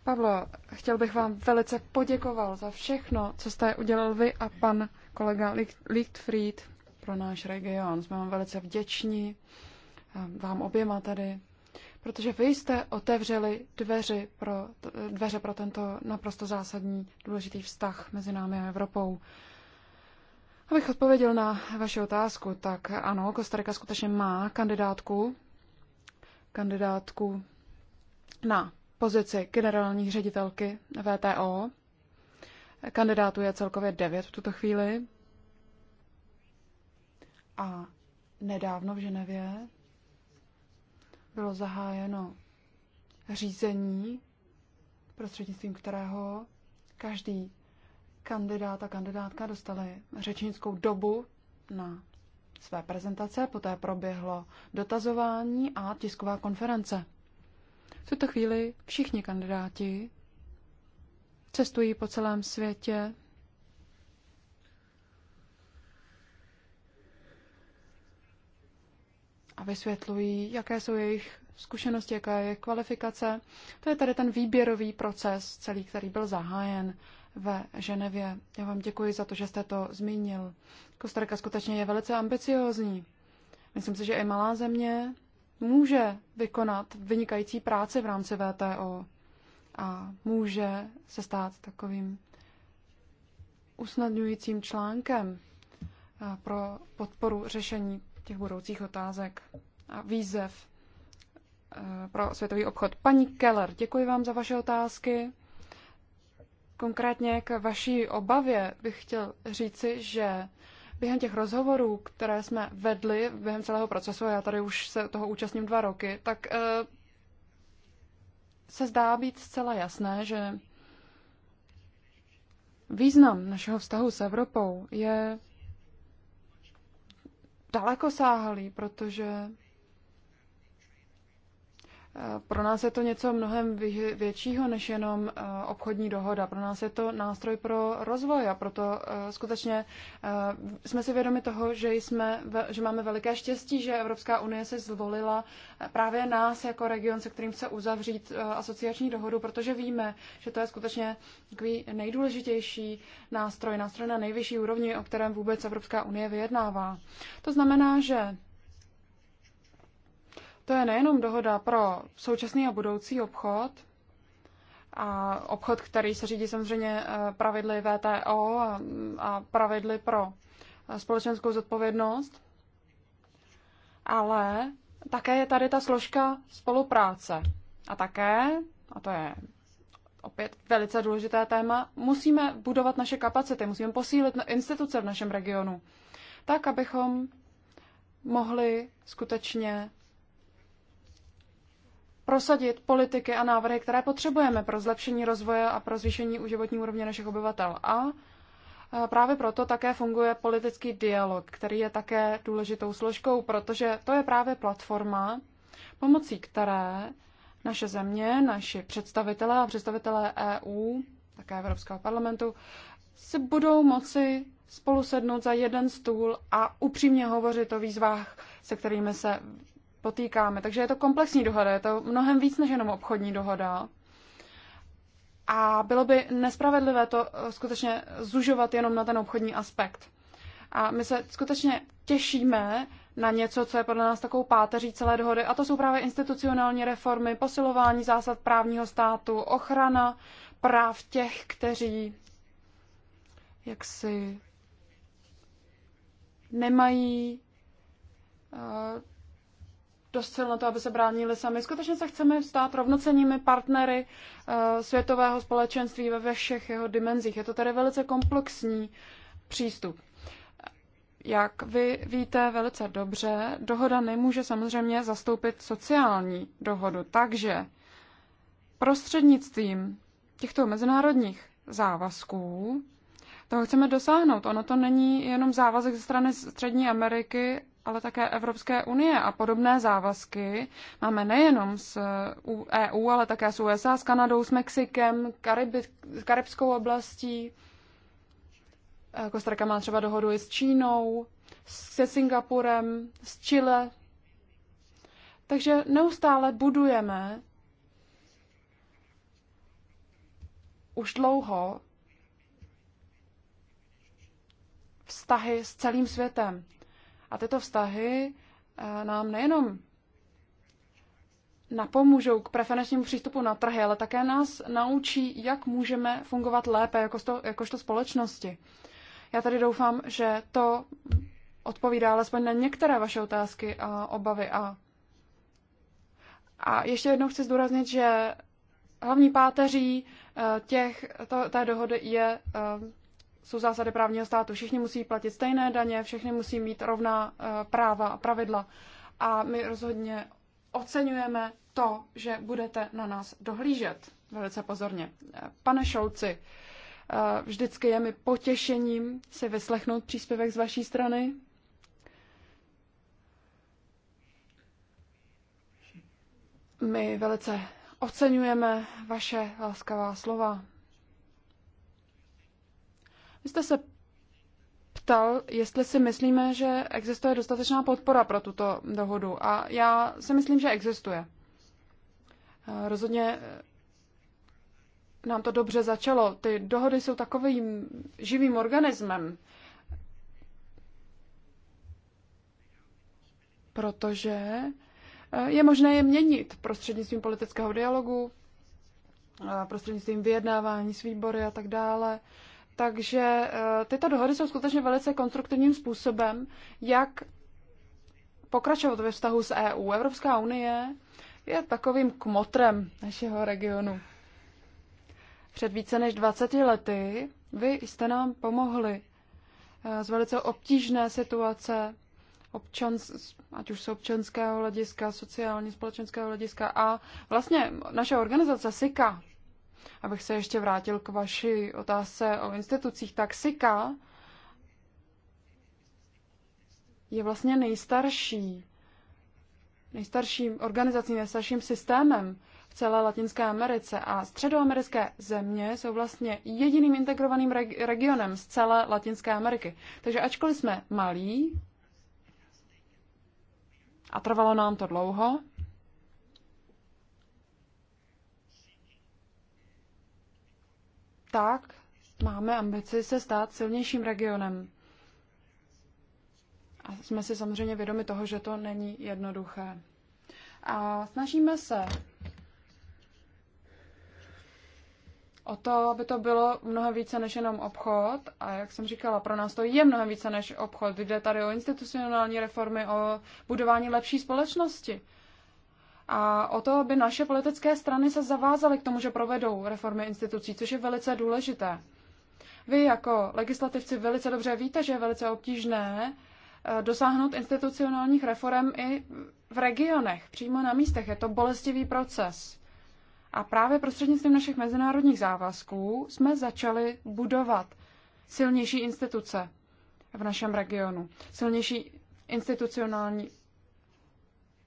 Pavlo, chtěl bych vám velice poděkoval za všechno, co jste udělal vy a pan kolega Lichtfried pro náš region. Jsme vám velice vděční, eh, vám oběma tady protože vy jste otevřeli dveři pro, dveře pro tento naprosto zásadní důležitý vztah mezi námi a Evropou. Abych odpověděl na vaši otázku, tak ano, Kostarika skutečně má kandidátku, kandidátku na pozici generální ředitelky VTO. Kandidátů je celkově devět v tuto chvíli. A nedávno v Ženevě bylo zahájeno řízení, prostřednictvím kterého každý kandidát a kandidátka dostali řečnickou dobu na své prezentace, poté proběhlo dotazování a tisková konference. V tuto chvíli všichni kandidáti cestují po celém světě a vysvětlují, jaké jsou jejich zkušenosti, jaká je kvalifikace. To je tady ten výběrový proces celý, který byl zahájen ve Ženevě. Já vám děkuji za to, že jste to zmínil. Kostarika skutečně je velice ambiciózní. Myslím si, že i malá země může vykonat vynikající práci v rámci VTO a může se stát takovým usnadňujícím článkem eh, pro podporu řešení těch budoucích otázek a výzev eh, pro světový obchod. Paní Keller, děkuji vám za vaše otázky. Konkrétně k vaší obavě bych chtěl říci, že během těch rozhovorů, které jsme vedli během celého procesu, a já tady už se toho účastním dva roky, tak eh, se zdá být zcela jasné, že význam našeho vztahu s Evropou je dalekosáhlý, protože Eh, pro nás je to něco mnohem většího než jenom eh, obchodní dohoda. Pro nás je to nástroj pro rozvoj a proto eh, skutečně jsme si vědomi toho, že, jsme, že máme veliké štěstí, že Evropská unie se zvolila právě nás jako region, se kterým chce uzavřít asociační dohodu, protože víme, že to je skutečně takový nejdůležitější nástroj, nástroj na nejvyšší úrovni, o kterém vůbec Evropská unie vyjednává. To znamená, že to je nejenom dohoda pro současný a budoucí obchod, a obchod, který se řídí samozřejmě eh, pravidly VTO a, a pravidly pro eh, společenskou zodpovědnost, ale také je tady ta složka spolupráce. A také, a to je opět velice důležité téma, musíme budovat naše kapacity, musíme posílit instituce v našem regionu, tak, abychom mohli skutečně prosadit politiky a návrhy, které potřebujeme pro zlepšení rozvoje a pro zvýšení životní úrovně našich obyvatel. A Právě proto také funguje politický dialog, který je také důležitou složkou, protože to je právě platforma, pomocí které naše země, naši představitelé a představitelé EU, také Evropského parlamentu, si budou moci spolu sednout za jeden stůl a upřímně hovořit o výzvách, se kterými se potýkáme. Takže je to komplexní dohoda, je to mnohem víc než jenom obchodní dohoda. A bylo by nespravedlivé to eh, skutečně zužovat jenom na ten obchodní aspekt. A my se skutečně těšíme na něco, co je podle nás takovou páteří celé dohody, a to jsou právě institucionální reformy, posilování zásad právního státu, ochrana práv těch, kteří jaksi nemají eh, dost sil na to, aby se bránili sami. Skutečně se chceme stát rovnocenými partnery eh, světového společenství ve všech jeho dimenzích. Je to tedy velice komplexní přístup. Jak vy víte velice dobře, dohoda nemůže samozřejmě zastoupit sociální dohodu. Takže prostřednictvím těchto mezinárodních závazků toho chceme dosáhnout. Ono to není jenom závazek ze strany Střední Ameriky ale také Evropské unie. A podobné závazky máme nejenom s EU, ale také s USA, s Kanadou, s Mexikem, s Karibskou oblastí. Kostarka má třeba dohodu i s Čínou, se Singapurem, s Chile. Takže neustále budujeme už dlouho vztahy s celým světem. A tyto vztahy eh, nám nejenom napomůžou k preferenčnímu přístupu na trhy, ale také nás naučí, jak můžeme fungovat lépe jakožto, jakožto společnosti. Já tady doufám, že to odpovídá alespoň na některé vaše otázky a obavy. A, a ještě jednou chci zdůraznit, že hlavní páteří eh, těch, to, té dohody je eh, jsou zásady právního státu. Všichni musí platit stejné daně, všichni musí mít rovná eh, práva a pravidla. A my rozhodně oceňujeme to, že budete na nás dohlížet velice pozorně. Eh, pane Šolci, eh, vždycky je mi potěšením si vyslechnout příspěvek z vaší strany. My velice oceňujeme vaše láskavá slova. Vy jste se ptal, jestli si myslíme, že existuje dostatečná podpora pro tuto dohodu. A já si myslím, že existuje. Eh, rozhodně eh, nám to dobře začalo. Ty dohody jsou takovým živým organismem, protože eh, je možné je měnit prostřednictvím politického dialogu, prostřednictvím vyjednávání s výbory a tak dále. Takže eh, tyto dohody jsou skutečně velice konstruktivním způsobem, jak pokračovat ve vztahu s EU. Evropská unie je takovým kmotrem našeho regionu. Před více než 20 lety vy jste nám pomohli eh, z velice obtížné situace, občans, ať už z občanského hlediska, sociální, společenského hlediska. A vlastně naše organizace SIKA, Abych se ještě vrátil k vaší otázce o institucích, tak SIKA je vlastně nejstarší, nejstarším organizací, nejstarším systémem v celé Latinské Americe a středoamerické země jsou vlastně jediným integrovaným regionem z celé Latinské Ameriky. Takže ačkoliv jsme malí, a trvalo nám to dlouho, tak máme ambici se stát silnějším regionem. A jsme si samozřejmě vědomi toho, že to není jednoduché. A snažíme se o to, aby to bylo mnohem více než jenom obchod. A jak jsem říkala, pro nás to je mnohem více než obchod. Jde tady o institucionální reformy, o budování lepší společnosti a o to, aby naše politické strany se zavázaly k tomu, že provedou reformy institucí, což je velice důležité. Vy jako legislativci velice dobře víte, že je velice obtížné eh, dosáhnout institucionálních reform i v regionech, přímo na místech. Je to bolestivý proces. A právě prostřednictvím našich mezinárodních závazků jsme začali budovat silnější instituce v našem regionu, silnější institucionální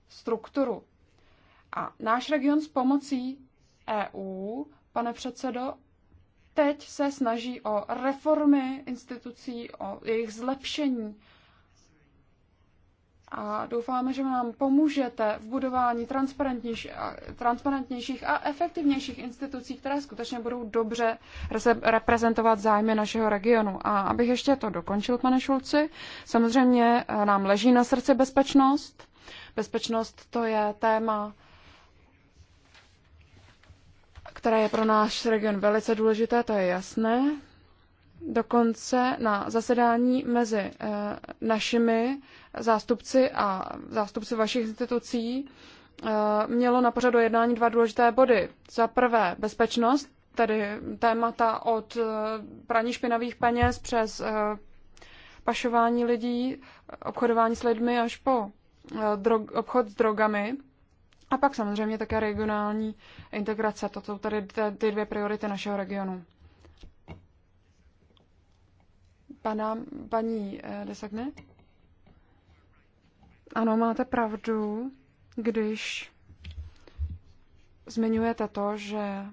strukturu, a náš region s pomocí EU, pane předsedo, teď se snaží o reformy institucí, o jejich zlepšení. A doufáme, že nám pomůžete v budování transparentnějších a efektivnějších institucí, které skutečně budou dobře reprezentovat zájmy našeho regionu. A abych ještě to dokončil, pane Šulci, samozřejmě eh, nám leží na srdci bezpečnost. Bezpečnost to je téma která je pro náš region velice důležité, to je jasné. Dokonce na zasedání mezi eh, našimi zástupci a zástupci vašich institucí eh, mělo na pořadu jednání dva důležité body. Za prvé bezpečnost, tedy témata od eh, praní špinavých peněz přes pašování lidí, obchodování s lidmi až po drog, obchod s drogami. A pak samozřejmě také regionální integrace. To jsou tady ty dvě priority našeho regionu. Pana, paní eh, Desagne? Ano, máte pravdu, když zmiňujete to, že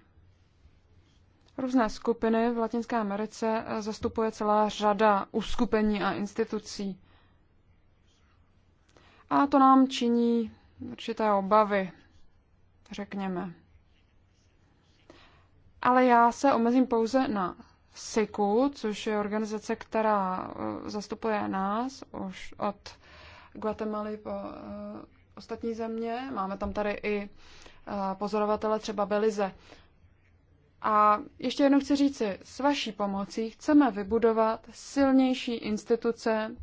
různé skupiny v Latinské Americe eh, zastupuje celá řada uskupení a institucí. A to nám činí určité obavy, řekněme. Ale já se omezím pouze na SIKu, což je organizace, která eh, zastupuje nás už od Guatemaly po eh, ostatní země. Máme tam tady i eh, pozorovatele třeba Belize. A ještě jednou chci říci, s vaší pomocí chceme vybudovat silnější instituce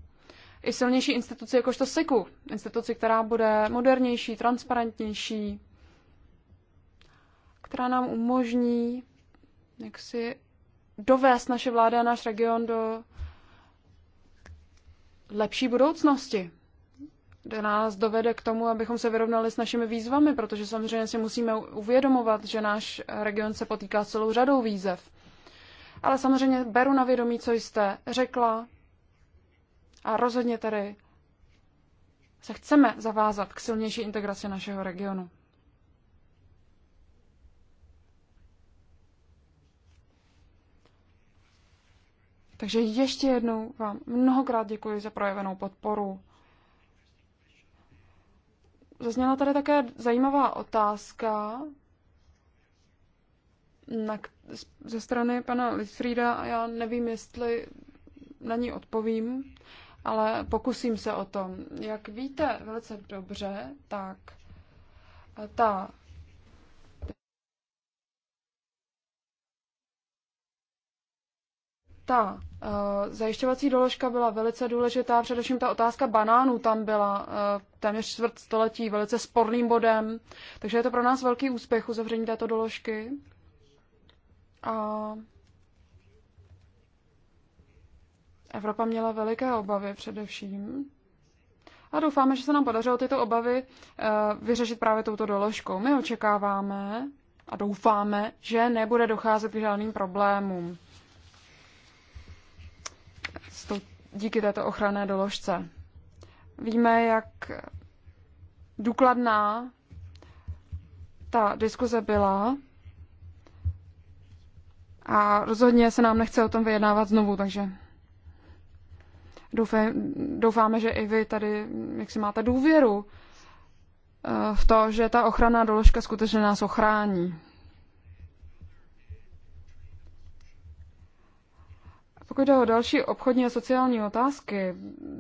i silnější instituci jakožto SIKu. Instituci, která bude modernější, transparentnější, která nám umožní jak si dovést naše vláda a náš region do lepší budoucnosti. Kde nás dovede k tomu, abychom se vyrovnali s našimi výzvami, protože samozřejmě si musíme uvědomovat, že náš region se potýká s celou řadou výzev. Ale samozřejmě beru na vědomí, co jste řekla, a rozhodně tedy se chceme zavázat k silnější integraci našeho regionu. Takže ještě jednou vám mnohokrát děkuji za projevenou podporu. Zazněla tady také zajímavá otázka na, ze strany pana Litfrida a já nevím, jestli na ní odpovím ale pokusím se o tom. Jak víte velice dobře, tak ta ta uh, zajišťovací doložka byla velice důležitá, především ta otázka banánů tam byla uh, téměř čtvrt století velice sporným bodem, takže je to pro nás velký úspěch uzavření této doložky. A uh, Evropa měla veliké obavy především. A doufáme, že se nám podařilo tyto obavy eh, vyřešit právě touto doložkou. My očekáváme a doufáme, že nebude docházet k žádným problémům díky této ochranné doložce. Víme, jak důkladná ta diskuze byla a rozhodně se nám nechce o tom vyjednávat znovu, takže doufáme, že i vy tady, jak si máte důvěru eh, v to, že ta ochranná doložka skutečně nás ochrání. Pokud jde o další obchodní a sociální otázky,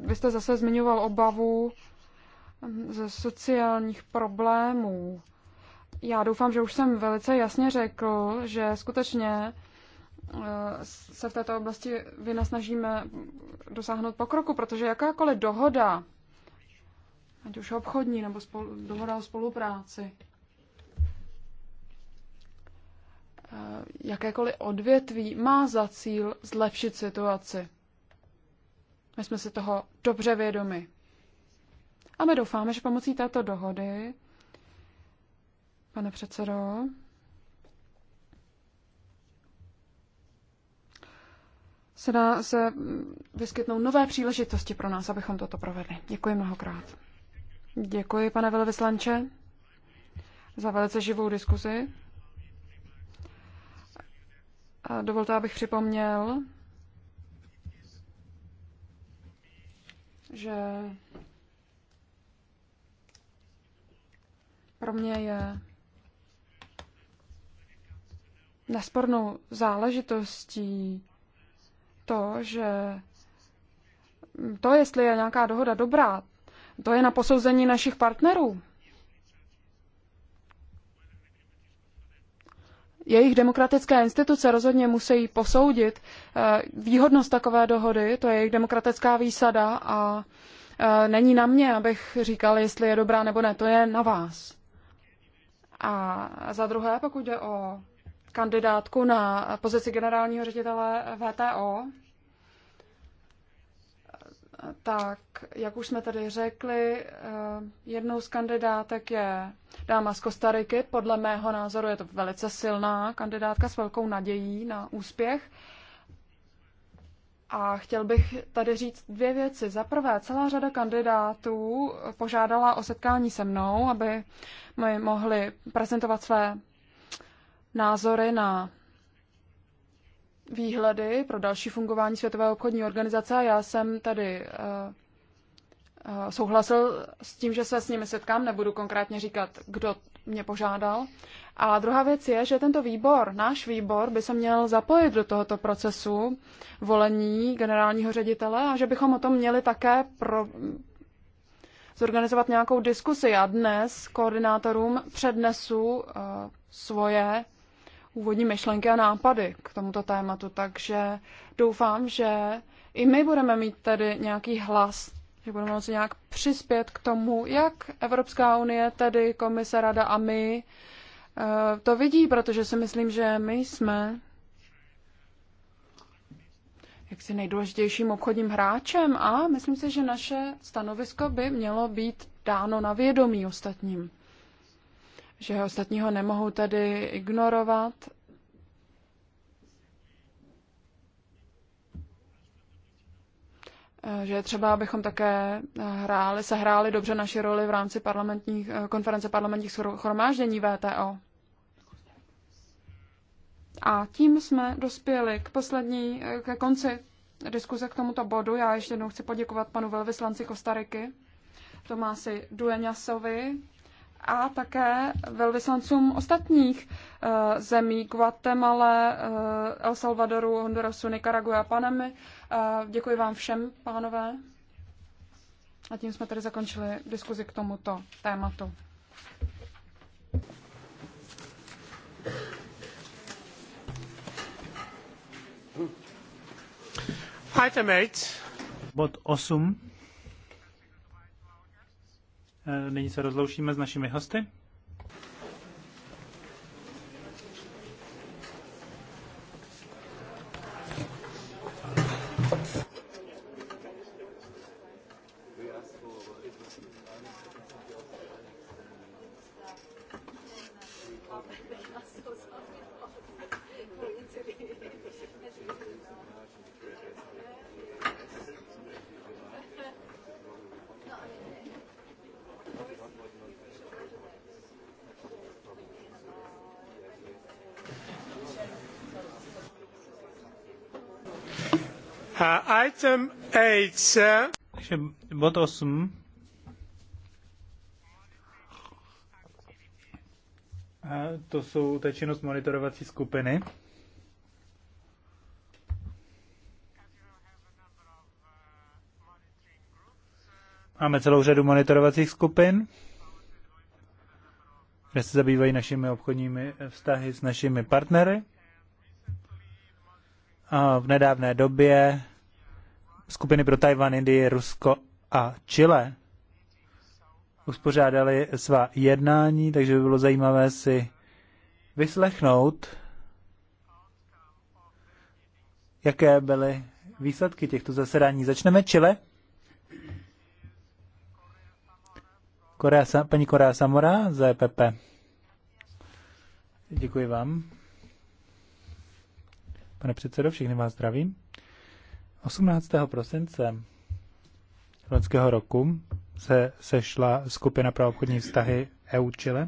vy jste zase zmiňoval obavu hm, ze sociálních problémů. Já doufám, že už jsem velice jasně řekl, že skutečně Eh, se v této oblasti vynasnažíme dosáhnout pokroku, protože jakákoliv dohoda, ať už obchodní nebo spol- dohoda o spolupráci, eh, jakékoliv odvětví má za cíl zlepšit situaci. My jsme si toho dobře vědomi. A my doufáme, že pomocí této dohody, pane předsedo, se, dá, se mm, vyskytnou nové příležitosti pro nás, abychom toto provedli. Děkuji mnohokrát. Děkuji, pane velvyslanče, za velice živou diskuzi. A dovolte, abych připomněl, že pro mě je nespornou záležitostí to, že to, jestli je nějaká dohoda dobrá, to je na posouzení našich partnerů. Jejich demokratické instituce rozhodně musí posoudit eh, výhodnost takové dohody, to je jejich demokratická výsada a eh, není na mě, abych říkal, jestli je dobrá nebo ne, to je na vás. A za druhé, pokud jde o kandidátku na pozici generálního ředitele VTO, tak, jak už jsme tady řekli, eh, jednou z kandidátek je dáma z Kostariky. Podle mého názoru je to velice silná kandidátka s velkou nadějí na úspěch. A chtěl bych tady říct dvě věci. Za prvé, celá řada kandidátů požádala o setkání se mnou, aby mi mohli prezentovat své názory na výhledy pro další fungování Světové obchodní organizace a já jsem tady eh, eh, souhlasil s tím, že se s nimi setkám, nebudu konkrétně říkat, kdo mě požádal. A druhá věc je, že tento výbor, náš výbor, by se měl zapojit do tohoto procesu volení generálního ředitele a že bychom o tom měli také pro, zorganizovat nějakou diskusi. Já dnes koordinátorům přednesu uh, svoje úvodní myšlenky a nápady k tomuto tématu, takže doufám, že i my budeme mít tady nějaký hlas, že budeme moci nějak přispět k tomu, jak Evropská unie, tedy komise, rada a my eh, to vidí, protože si myslím, že my jsme jaksi nejdůležitějším obchodním hráčem a myslím si, že naše stanovisko by mělo být dáno na vědomí ostatním že ostatního nemohu tady ignorovat. Eh, že je třeba, abychom také eh, hráli, sehráli dobře naši roli v rámci parlamentních, eh, konference parlamentních schromáždění VTO. A tím jsme dospěli k poslední, ke konci diskuze k tomuto bodu. Já ještě jednou chci poděkovat panu velvyslanci Kostariky, Tomási Dueňasovi, a také velvyslancům ostatních eh, zemí Guatemala, eh, El Salvadoru, Hondurasu, Nicaragua a Panamy. Eh, děkuji vám všem, pánové. A tím jsme tedy zakončili diskuzi k tomuto tématu. Item 8. Bod 8 Eh, nyní se rozloučíme s našimi hosty. 8. Takže bod 8. A to jsou ta činnost monitorovací skupiny. Máme celou řadu monitorovacích skupin, které se zabývají našimi obchodními vztahy s našimi partnery. A v nedávné době skupiny pro Tajvan, Indii, Rusko a Chile uspořádali svá jednání, takže by bylo zajímavé si vyslechnout, jaké byly výsledky těchto zasedání. Začneme Chile. Korea, paní Korea Samora za EPP. Děkuji vám. Pane předsedo, všechny vás zdravím. 18. prosince loňského roku se sešla skupina pro obchodní vztahy EU Chile.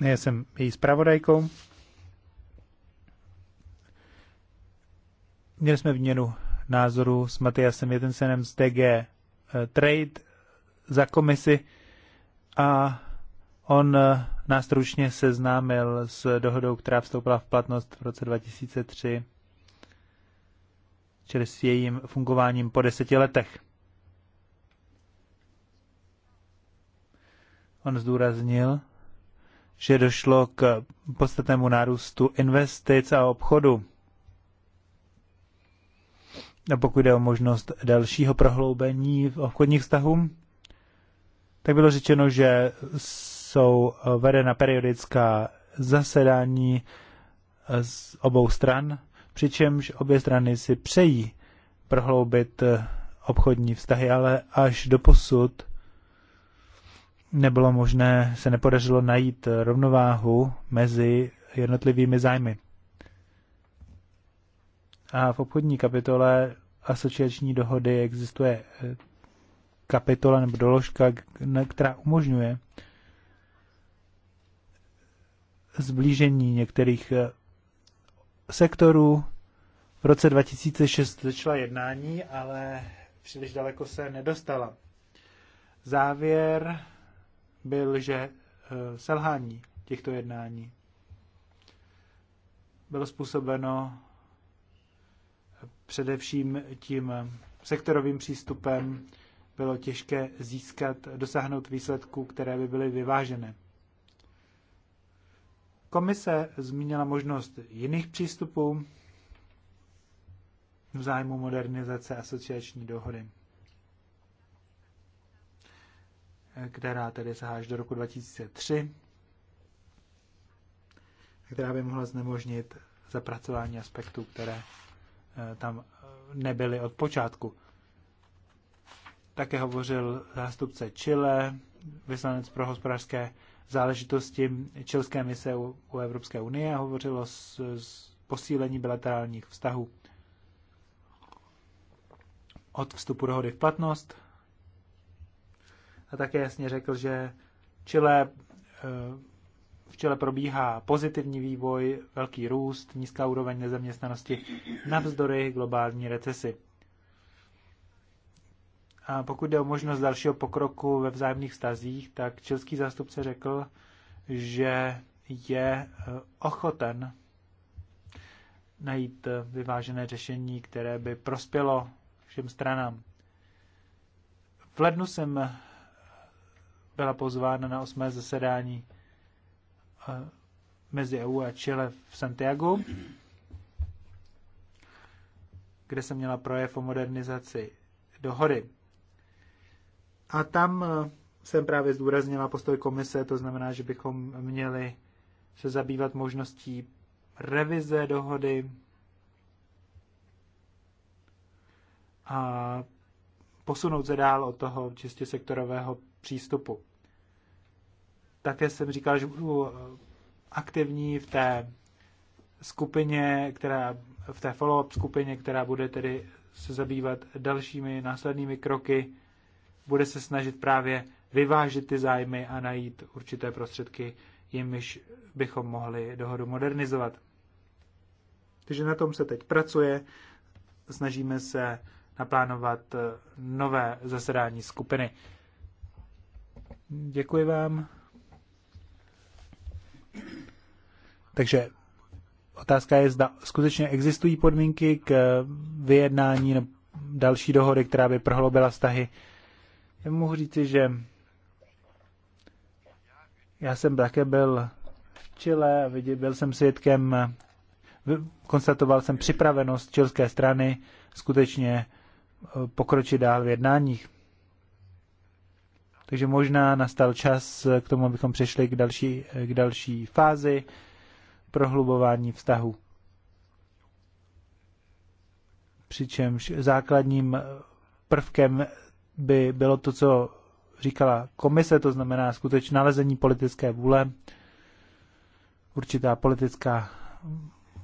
Já jsem její zpravodajkou. Měli jsme výměnu názoru s Matiasem Jetensenem z DG eh, Trade za komisi a on eh, nás stručně seznámil s dohodou, která vstoupila v platnost v roce 2003 čili s jejím fungováním po deseti letech. On zdůraznil, že došlo k podstatnému nárůstu investic a obchodu. A pokud jde o možnost dalšího prohloubení v obchodních vztahů, tak bylo řečeno, že jsou vedena periodická zasedání z obou stran přičemž obě strany si přejí prohloubit eh, obchodní vztahy, ale až do posud nebylo možné, se nepodařilo najít eh, rovnováhu mezi jednotlivými zájmy. A v obchodní kapitole asociační dohody existuje eh, kapitola nebo doložka, která umožňuje zblížení některých sektoru v roce 2006 začala jednání, ale příliš daleko se nedostala. Závěr byl, že eh, selhání těchto jednání bylo způsobeno eh, především tím eh, sektorovým přístupem, bylo těžké získat, dosáhnout výsledků, které by byly vyvážené. Komise zmínila možnost jiných přístupů v zájmu modernizace asociační dohody, která tedy sahá až do roku 2003, která by mohla znemožnit zapracování aspektů, které eh, tam eh, nebyly od počátku. Také hovořil zástupce Chile, vyslanec pro hospodářské záležitosti čilské mise u, u Evropské unie a hovořilo s, s posílení bilaterálních vztahů. Od vstupu dohody v platnost a také jasně řekl, že Chile, eh, v Chile probíhá pozitivní vývoj, velký růst, nízká úroveň nezaměstnanosti navzdory globální recesi. A pokud jde o možnost dalšího pokroku ve vzájemných vztazích, tak čilský zástupce řekl, že je e, ochoten najít e, vyvážené řešení, které by prospělo všem stranám. V lednu jsem e, byla pozvána na osmé zasedání mezi EU a Chile v Santiago, kde jsem měla projev o modernizaci dohody. A tam eh, jsem právě zdůraznila postoj komise, to znamená, že bychom měli se zabývat možností revize dohody a posunout se dál od toho čistě sektorového přístupu. Také jsem říkal, že budu eh, aktivní v té skupině, která, v té follow-up skupině, která bude tedy se zabývat dalšími následnými kroky bude se snažit právě vyvážit ty zájmy a najít určité prostředky, jimiž bychom mohli dohodu modernizovat. Takže na tom se teď pracuje. Snažíme se naplánovat eh, nové zasedání skupiny. Děkuji vám. Takže otázka je, zda skutečně existují podmínky k eh, vyjednání další dohody, která by prohloubila vztahy já mohu říci, že já jsem také byl v Chile a viděl, byl jsem svědkem, konstatoval jsem připravenost čilské strany skutečně eh, pokročit dál v jednáních. Takže možná nastal čas eh, k tomu, abychom přešli k další, eh, k další fázi prohlubování vztahu. Přičemž základním prvkem by bylo to, co říkala komise, to znamená skutečně nalezení politické vůle, určitá politická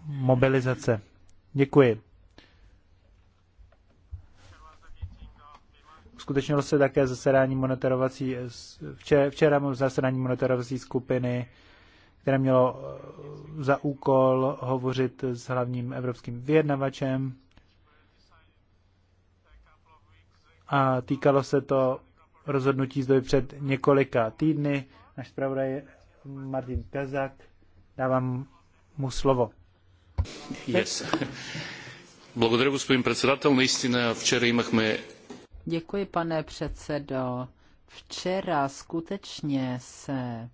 mobilizace. Děkuji. Skutečnilo se také zasedání monitorovací, včera, zasedání monitorovací skupiny, které mělo e, za úkol hovořit s hlavním evropským vyjednavačem a týkalo se to rozhodnutí zdoj před několika týdny. Náš zpravodaj je Martin Kazak. Dávám mu slovo. Yes. господин председател. Наистина, имахме... Děkuji, pane předsedo. Včera skutečně se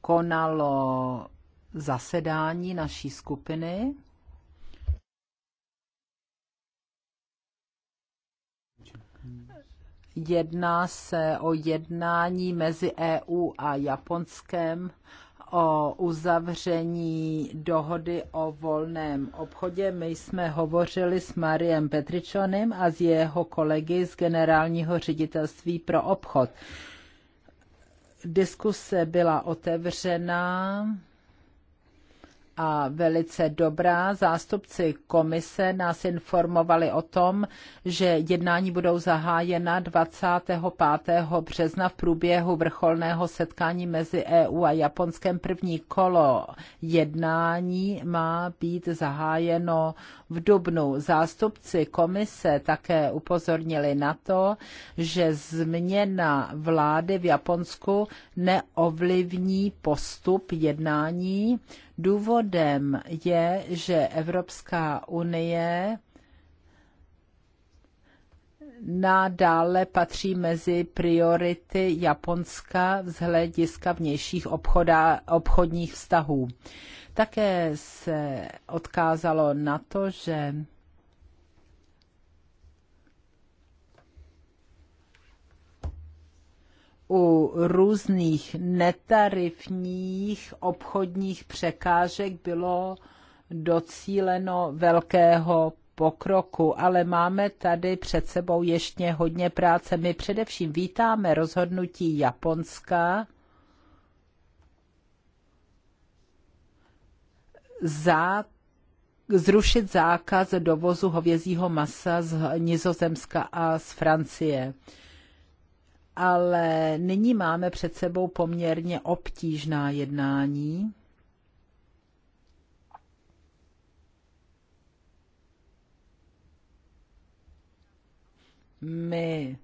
konalo zasedání naší skupiny Jedná se o jednání mezi EU a Japonskem o uzavření dohody o volném obchodě. My jsme hovořili s Mariem Petričonem a s jeho kolegy z Generálního ředitelství pro obchod. Diskuse byla otevřená a velice dobrá. Zástupci komise nás informovali o tom, že jednání budou zahájena 25. března v průběhu vrcholného setkání mezi EU a Japonskem. První kolo jednání má být zahájeno v dubnu. Zástupci komise také upozornili na to, že změna vlády v Japonsku neovlivní postup jednání, Důvodem je, že Evropská unie nadále patří mezi priority Japonska z hlediska vnějších obchoda, obchodních vztahů. Také se odkázalo na to, že u různých netarifních obchodních překážek bylo docíleno velkého pokroku, ale máme tady před sebou ještě hodně práce. My především vítáme rozhodnutí Japonska za zrušit zákaz dovozu hovězího masa z Nizozemska a z Francie ale nyní máme před sebou poměrně obtížná jednání. My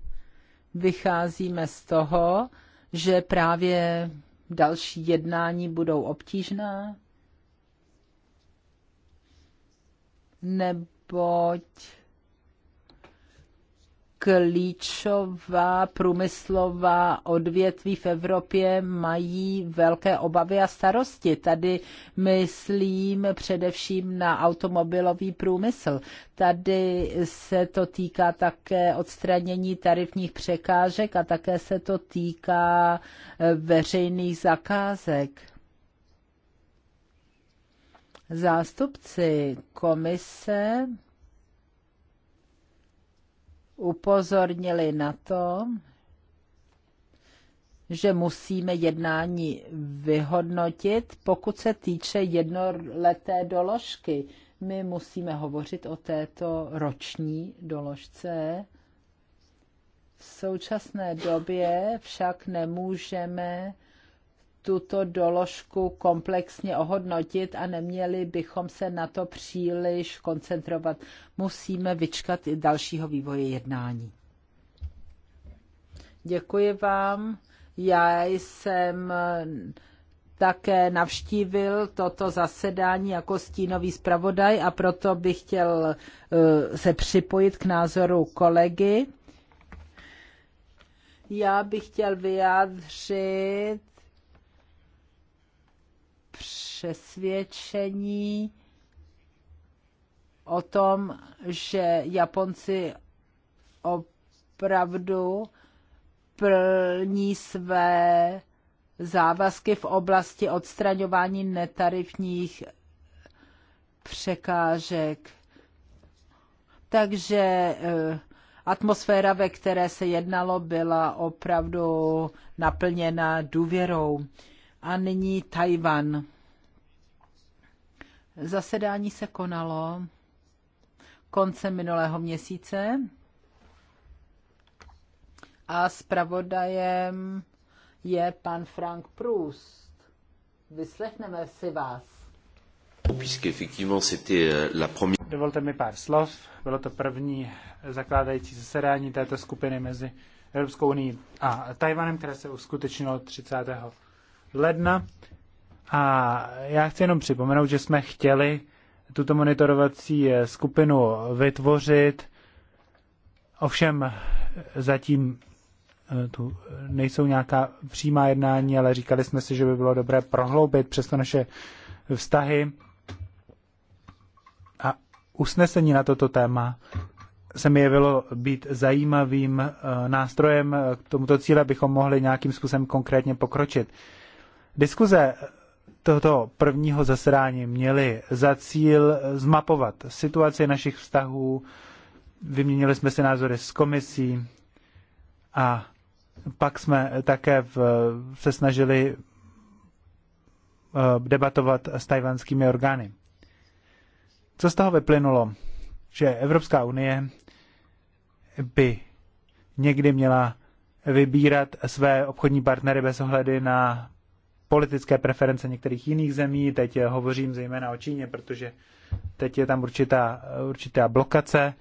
vycházíme z toho, že právě další jednání budou obtížná, neboť klíčová průmyslová odvětví v Evropě mají velké obavy a starosti. Tady myslím především na automobilový průmysl. Tady se to týká také odstranění tarifních překážek a také se to týká eh, veřejných zakázek. Zástupci komise upozornili na to, že musíme jednání vyhodnotit, pokud se týče jednoleté doložky. My musíme hovořit o této roční doložce. V současné době však nemůžeme tuto doložku komplexně ohodnotit a neměli bychom se na to příliš koncentrovat. Musíme vyčkat i dalšího vývoje jednání. Děkuji vám. Já jsem také navštívil toto zasedání jako stínový zpravodaj a proto bych chtěl eh, se připojit k názoru kolegy. Já bych chtěl vyjádřit přesvědčení o tom, že Japonci opravdu plní své závazky v oblasti odstraňování netarifních překážek. Takže eh, atmosféra, ve které se jednalo, byla opravdu naplněna důvěrou. A nyní Tajvan. Zasedání se konalo koncem minulého měsíce a zpravodajem je pan Frank Proust. Vyslechneme si vás. Euh, Dovolte mi pár slov. Bylo to první zakládající zasedání této skupiny mezi Evropskou unii a Tajvanem, které se uskutečnilo 30 ledna. A já chci jenom připomenout, že jsme chtěli tuto monitorovací eh, skupinu vytvořit, ovšem zatím eh, tu nejsou nějaká přímá jednání, ale říkali jsme si, že by bylo dobré prohloubit přesto naše vztahy. A usnesení na toto téma se mi jevilo být zajímavým eh, nástrojem k tomuto cíle, bychom mohli nějakým způsobem konkrétně pokročit. Diskuze tohoto prvního zasedání měly za cíl zmapovat situaci našich vztahů, vyměnili jsme si názory s komisí a pak jsme také v, se snažili eh, debatovat s tajvanskými orgány. Co z toho vyplynulo? Že Evropská unie by někdy měla vybírat své obchodní partnery bez ohledy na politické preference některých jiných zemí. Teď hovořím zejména o Číně, protože teď je tam určitá, určitá blokace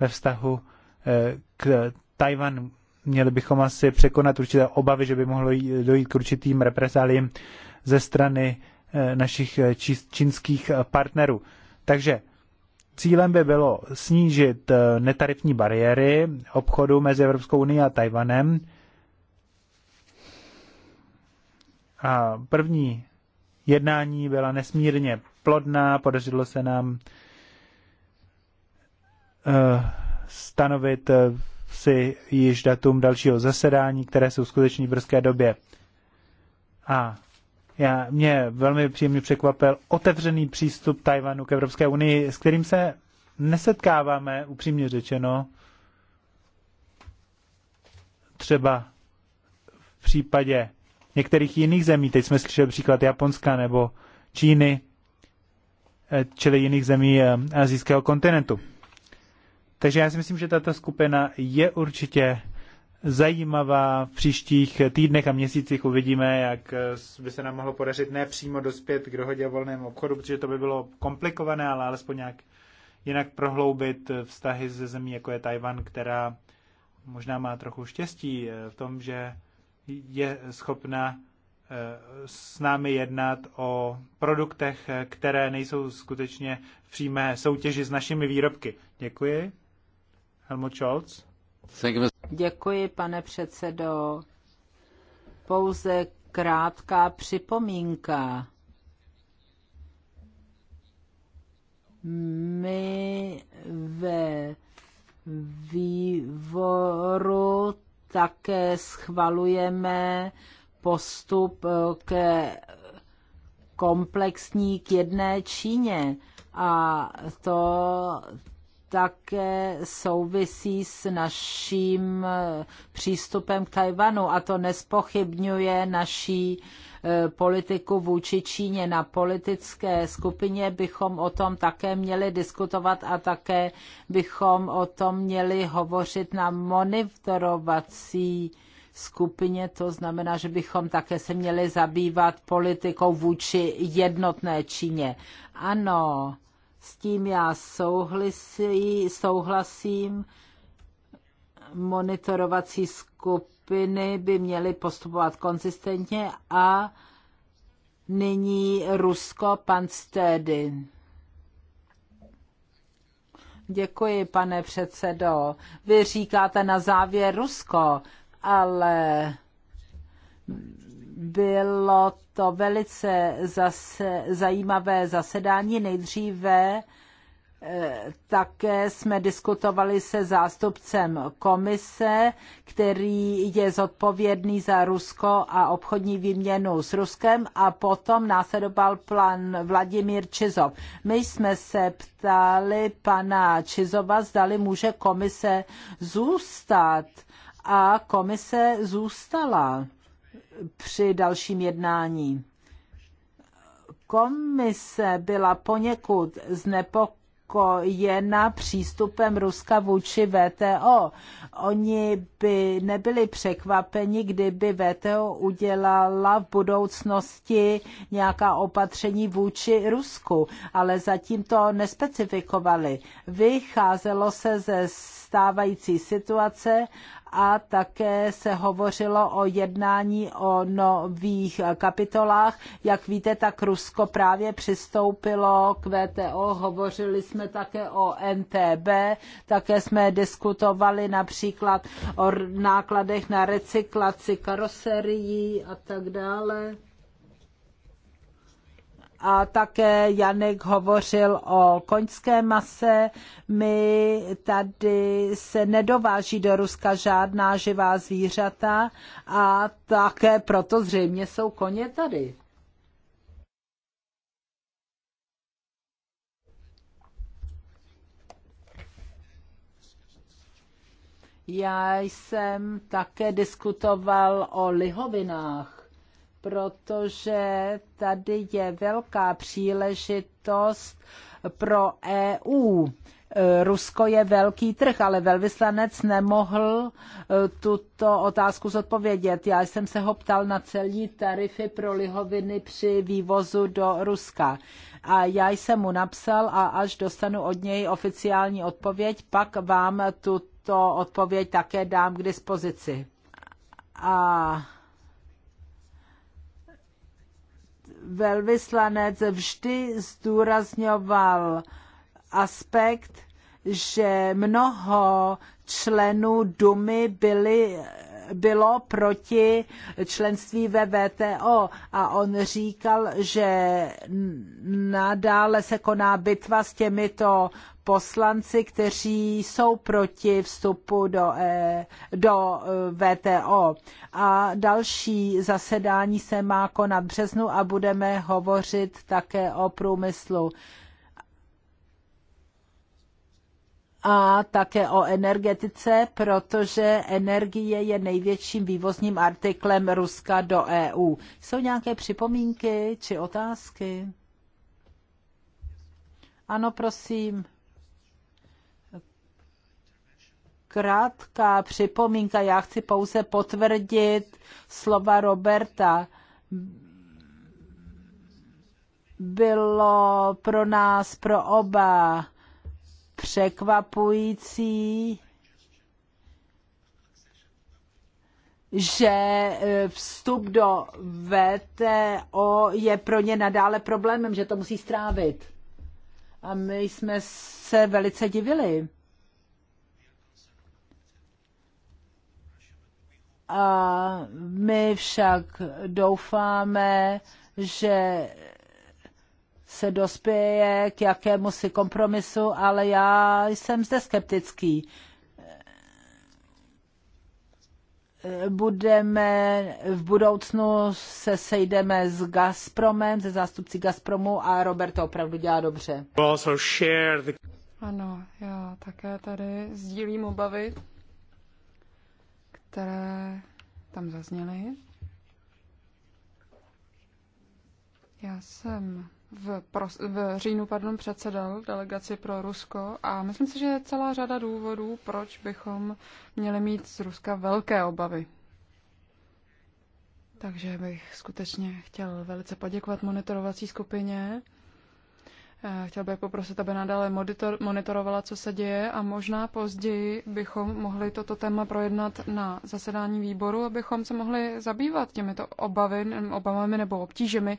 ve vztahu eh, k Tajvanu. Měli bychom asi překonat určité obavy, že by mohlo dojít k určitým represálím ze strany eh, našich eh, čínských partnerů. Takže cílem by bylo snížit netarifní bariéry obchodu mezi Evropskou unii a Tajvanem, A první jednání byla nesmírně plodná, podařilo se nám eh, stanovit eh, si již datum dalšího zasedání, které se uskuteční v brzké době. A já, mě velmi příjemně překvapil otevřený přístup Tajvanu k Evropské unii, s kterým se nesetkáváme, upřímně řečeno, třeba v případě některých jiných zemí, teď jsme slyšeli příklad Japonska nebo Číny, eh, čili jiných zemí eh, azijského kontinentu. Takže já si myslím, že tato skupina je určitě zajímavá. V příštích týdnech a měsících uvidíme, jak eh, by se nám mohlo podařit ne přímo dospět k dohodě o volném obchodu, protože to by bylo komplikované, ale alespoň nějak jinak prohloubit vztahy ze zemí, jako je Tajvan, která možná má trochu štěstí v tom, že je schopna eh, s námi jednat o produktech, které nejsou skutečně v přímé soutěži s našimi výrobky. Děkuji. Helmut Scholz. Děkuji, pane předsedo. Pouze krátká připomínka. My ve vývoru také schvalujeme postup eh, k komplexní k jedné Číně. A to také souvisí s naším eh, přístupem k Tajvanu a to nespochybňuje naší eh, politiku vůči Číně. Na politické skupině bychom o tom také měli diskutovat a také bychom o tom měli hovořit na monitorovací skupině, to znamená, že bychom také se měli zabývat politikou vůči jednotné Číně. Ano, s tím já souhlasí, souhlasím. Monitorovací skupiny by měly postupovat konzistentně a nyní Rusko, pan Stédin. Děkuji, pane předsedo. Vy říkáte na závěr Rusko, ale bylo to velice zase, zajímavé zasedání. Nejdříve eh, také jsme diskutovali se zástupcem komise, který je zodpovědný za Rusko a obchodní výměnu s Ruskem a potom následoval plán Vladimír Čizov. My jsme se ptali pana Čizova, zdali může komise zůstat a komise zůstala při dalším jednání. Komise byla poněkud znepokojena přístupem Ruska vůči VTO. Oni by nebyli překvapeni, kdyby VTO udělala v budoucnosti nějaká opatření vůči Rusku, ale zatím to nespecifikovali. Vycházelo se ze stávající situace a také se hovořilo o jednání o nových kapitolách. Jak víte, tak Rusko právě přistoupilo k VTO, hovořili jsme také o NTB, také jsme diskutovali například o nákladech na recyklaci karoserií a tak dále a také Janek hovořil o koňské mase. My tady se nedováží do Ruska žádná živá zvířata a také proto zřejmě jsou koně tady. Já jsem také diskutoval o lihovinách protože tady je velká příležitost pro EU. Rusko je velký trh, ale velvyslanec nemohl eh, tuto otázku zodpovědět. Já jsem se ho ptal na celní tarify pro lihoviny při vývozu do Ruska. A já jsem mu napsal a až dostanu od něj oficiální odpověď, pak vám tuto odpověď také dám k dispozici. A velvyslanec vždy zdůrazňoval aspekt, že mnoho členů Dumy byli bylo proti členství ve VTO a on říkal, že nadále se koná bitva s těmito poslanci, kteří jsou proti vstupu do, e, do e, VTO. A další zasedání se má konat v březnu a budeme hovořit také o průmyslu. a také o energetice, protože energie je největším vývozním artiklem Ruska do EU. Jsou nějaké připomínky či otázky? Ano, prosím. Krátká připomínka, já chci pouze potvrdit slova Roberta bylo pro nás, pro oba překvapující, že e, vstup do VTO je pro ně nadále problémem, že to musí strávit. A my jsme se velice divili. A my však doufáme, že se dospěje k jakému si kompromisu, ale já jsem zde skeptický. Budeme v budoucnu se sejdeme s Gazpromem, se zástupci Gazpromu a Robert to opravdu dělá dobře. Ano, já také tady sdílím obavy, které tam zazněly. Já jsem v, pro, v říjnu pardon, předsedal delegaci pro Rusko a myslím si, že je celá řada důvodů, proč bychom měli mít z Ruska velké obavy. Takže bych skutečně chtěl velice poděkovat monitorovací skupině. Eh, chtěl bych poprosit, aby nadále monitor, monitorovala, co se děje a možná později bychom mohli toto téma projednat na zasedání výboru, abychom se mohli zabývat těmito obavy, obavami nebo obtížemi,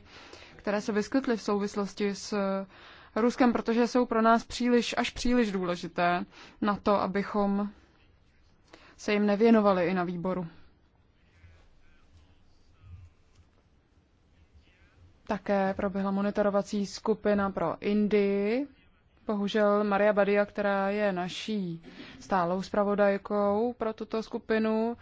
které se vyskytly v souvislosti s eh, Ruskem, protože jsou pro nás příliš, až příliš důležité na to, abychom se jim nevěnovali i na výboru. Také proběhla monitorovací skupina pro Indii. Bohužel Maria Badia, která je naší stálou zpravodajkou pro tuto skupinu,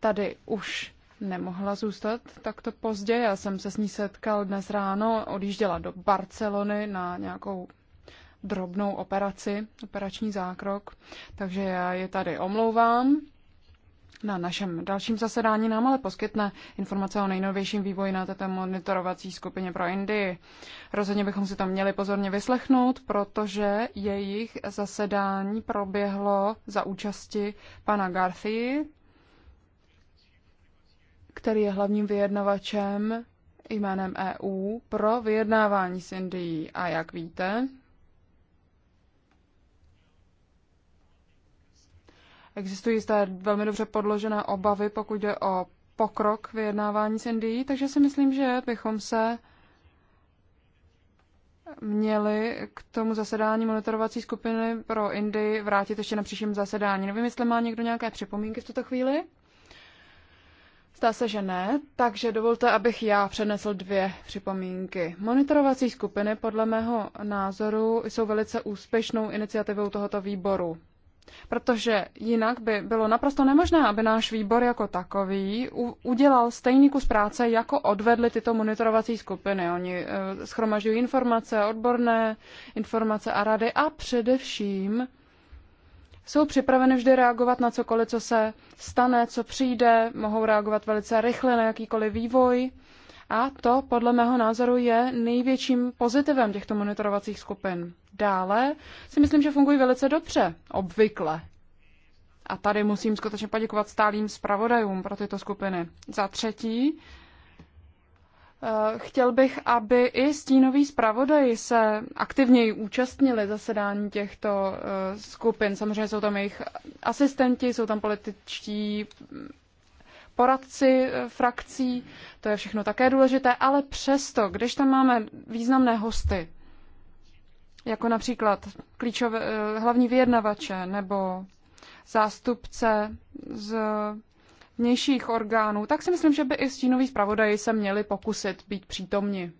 tady už nemohla zůstat takto pozdě. Já jsem se s ní setkal dnes ráno, odjížděla do Barcelony na nějakou drobnou operaci, operační zákrok, takže já je tady omlouvám. Na našem dalším zasedání nám ale poskytne informace o nejnovějším vývoji na této monitorovací skupině pro Indii. Rozhodně bychom si to měli pozorně vyslechnout, protože jejich zasedání proběhlo za účasti pana Garthy, který je hlavním vyjednavačem jménem EU pro vyjednávání s Indií. A jak víte, existují zde velmi dobře podložené obavy, pokud jde o pokrok vyjednávání s Indií, takže si myslím, že bychom se měli k tomu zasedání monitorovací skupiny pro Indii vrátit ještě na příštím zasedání. Nevím, jestli má někdo nějaké připomínky v tuto chvíli. Zdá se, že ne, takže dovolte, abych já přenesl dvě připomínky. Monitorovací skupiny podle mého názoru jsou velice úspěšnou iniciativou tohoto výboru. Protože jinak by bylo naprosto nemožné, aby náš výbor jako takový udělal stejný kus práce, jako odvedly tyto monitorovací skupiny. Oni eh, schromažďují informace, odborné informace a rady a především jsou připraveny vždy reagovat na cokoliv, co se stane, co přijde, mohou reagovat velice rychle na jakýkoliv vývoj. A to podle mého názoru je největším pozitivem těchto monitorovacích skupin. Dále si myslím, že fungují velice dobře, obvykle. A tady musím skutečně poděkovat stálým zpravodajům pro tyto skupiny. Za třetí, Eh, chtěl bych, aby i stínoví zpravodaj se aktivněji účastnili zasedání těchto eh, skupin. Samozřejmě jsou tam jejich asistenti, jsou tam političtí mm, poradci eh, frakcí, to je všechno také důležité, ale přesto, když tam máme významné hosty, jako například klíčové, hlavní vyjednavače nebo zástupce z vnějších orgánů, tak si myslím, že by i stínoví zpravodaji se měli pokusit být přítomni.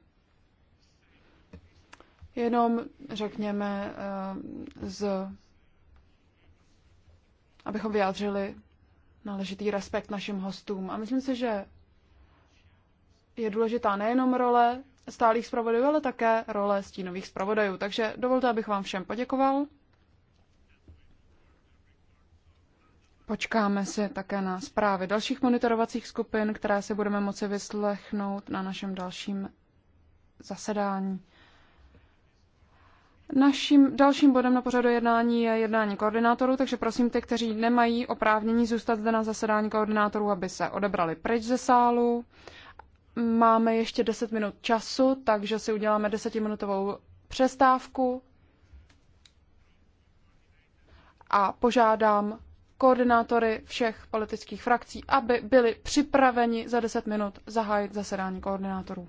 Jenom, řekněme, eh, z, abychom vyjádřili náležitý respekt našim hostům. A myslím si, že je důležitá nejenom role stálých zpravodajů, ale také role stínových zpravodajů. Takže dovolte, abych vám všem poděkoval. Počkáme se také na zprávy dalších monitorovacích skupin, které se budeme moci vyslechnout na našem dalším zasedání. Naším dalším bodem na pořadu jednání je jednání koordinátorů, takže prosím ty, kteří nemají oprávnění zůstat zde na zasedání koordinátorů, aby se odebrali pryč ze sálu. Máme ještě 10 minut času, takže si uděláme desetiminutovou přestávku a požádám koordinátory všech politických frakcí, aby byli připraveni za 10 minut zahájit zasedání koordinátorů.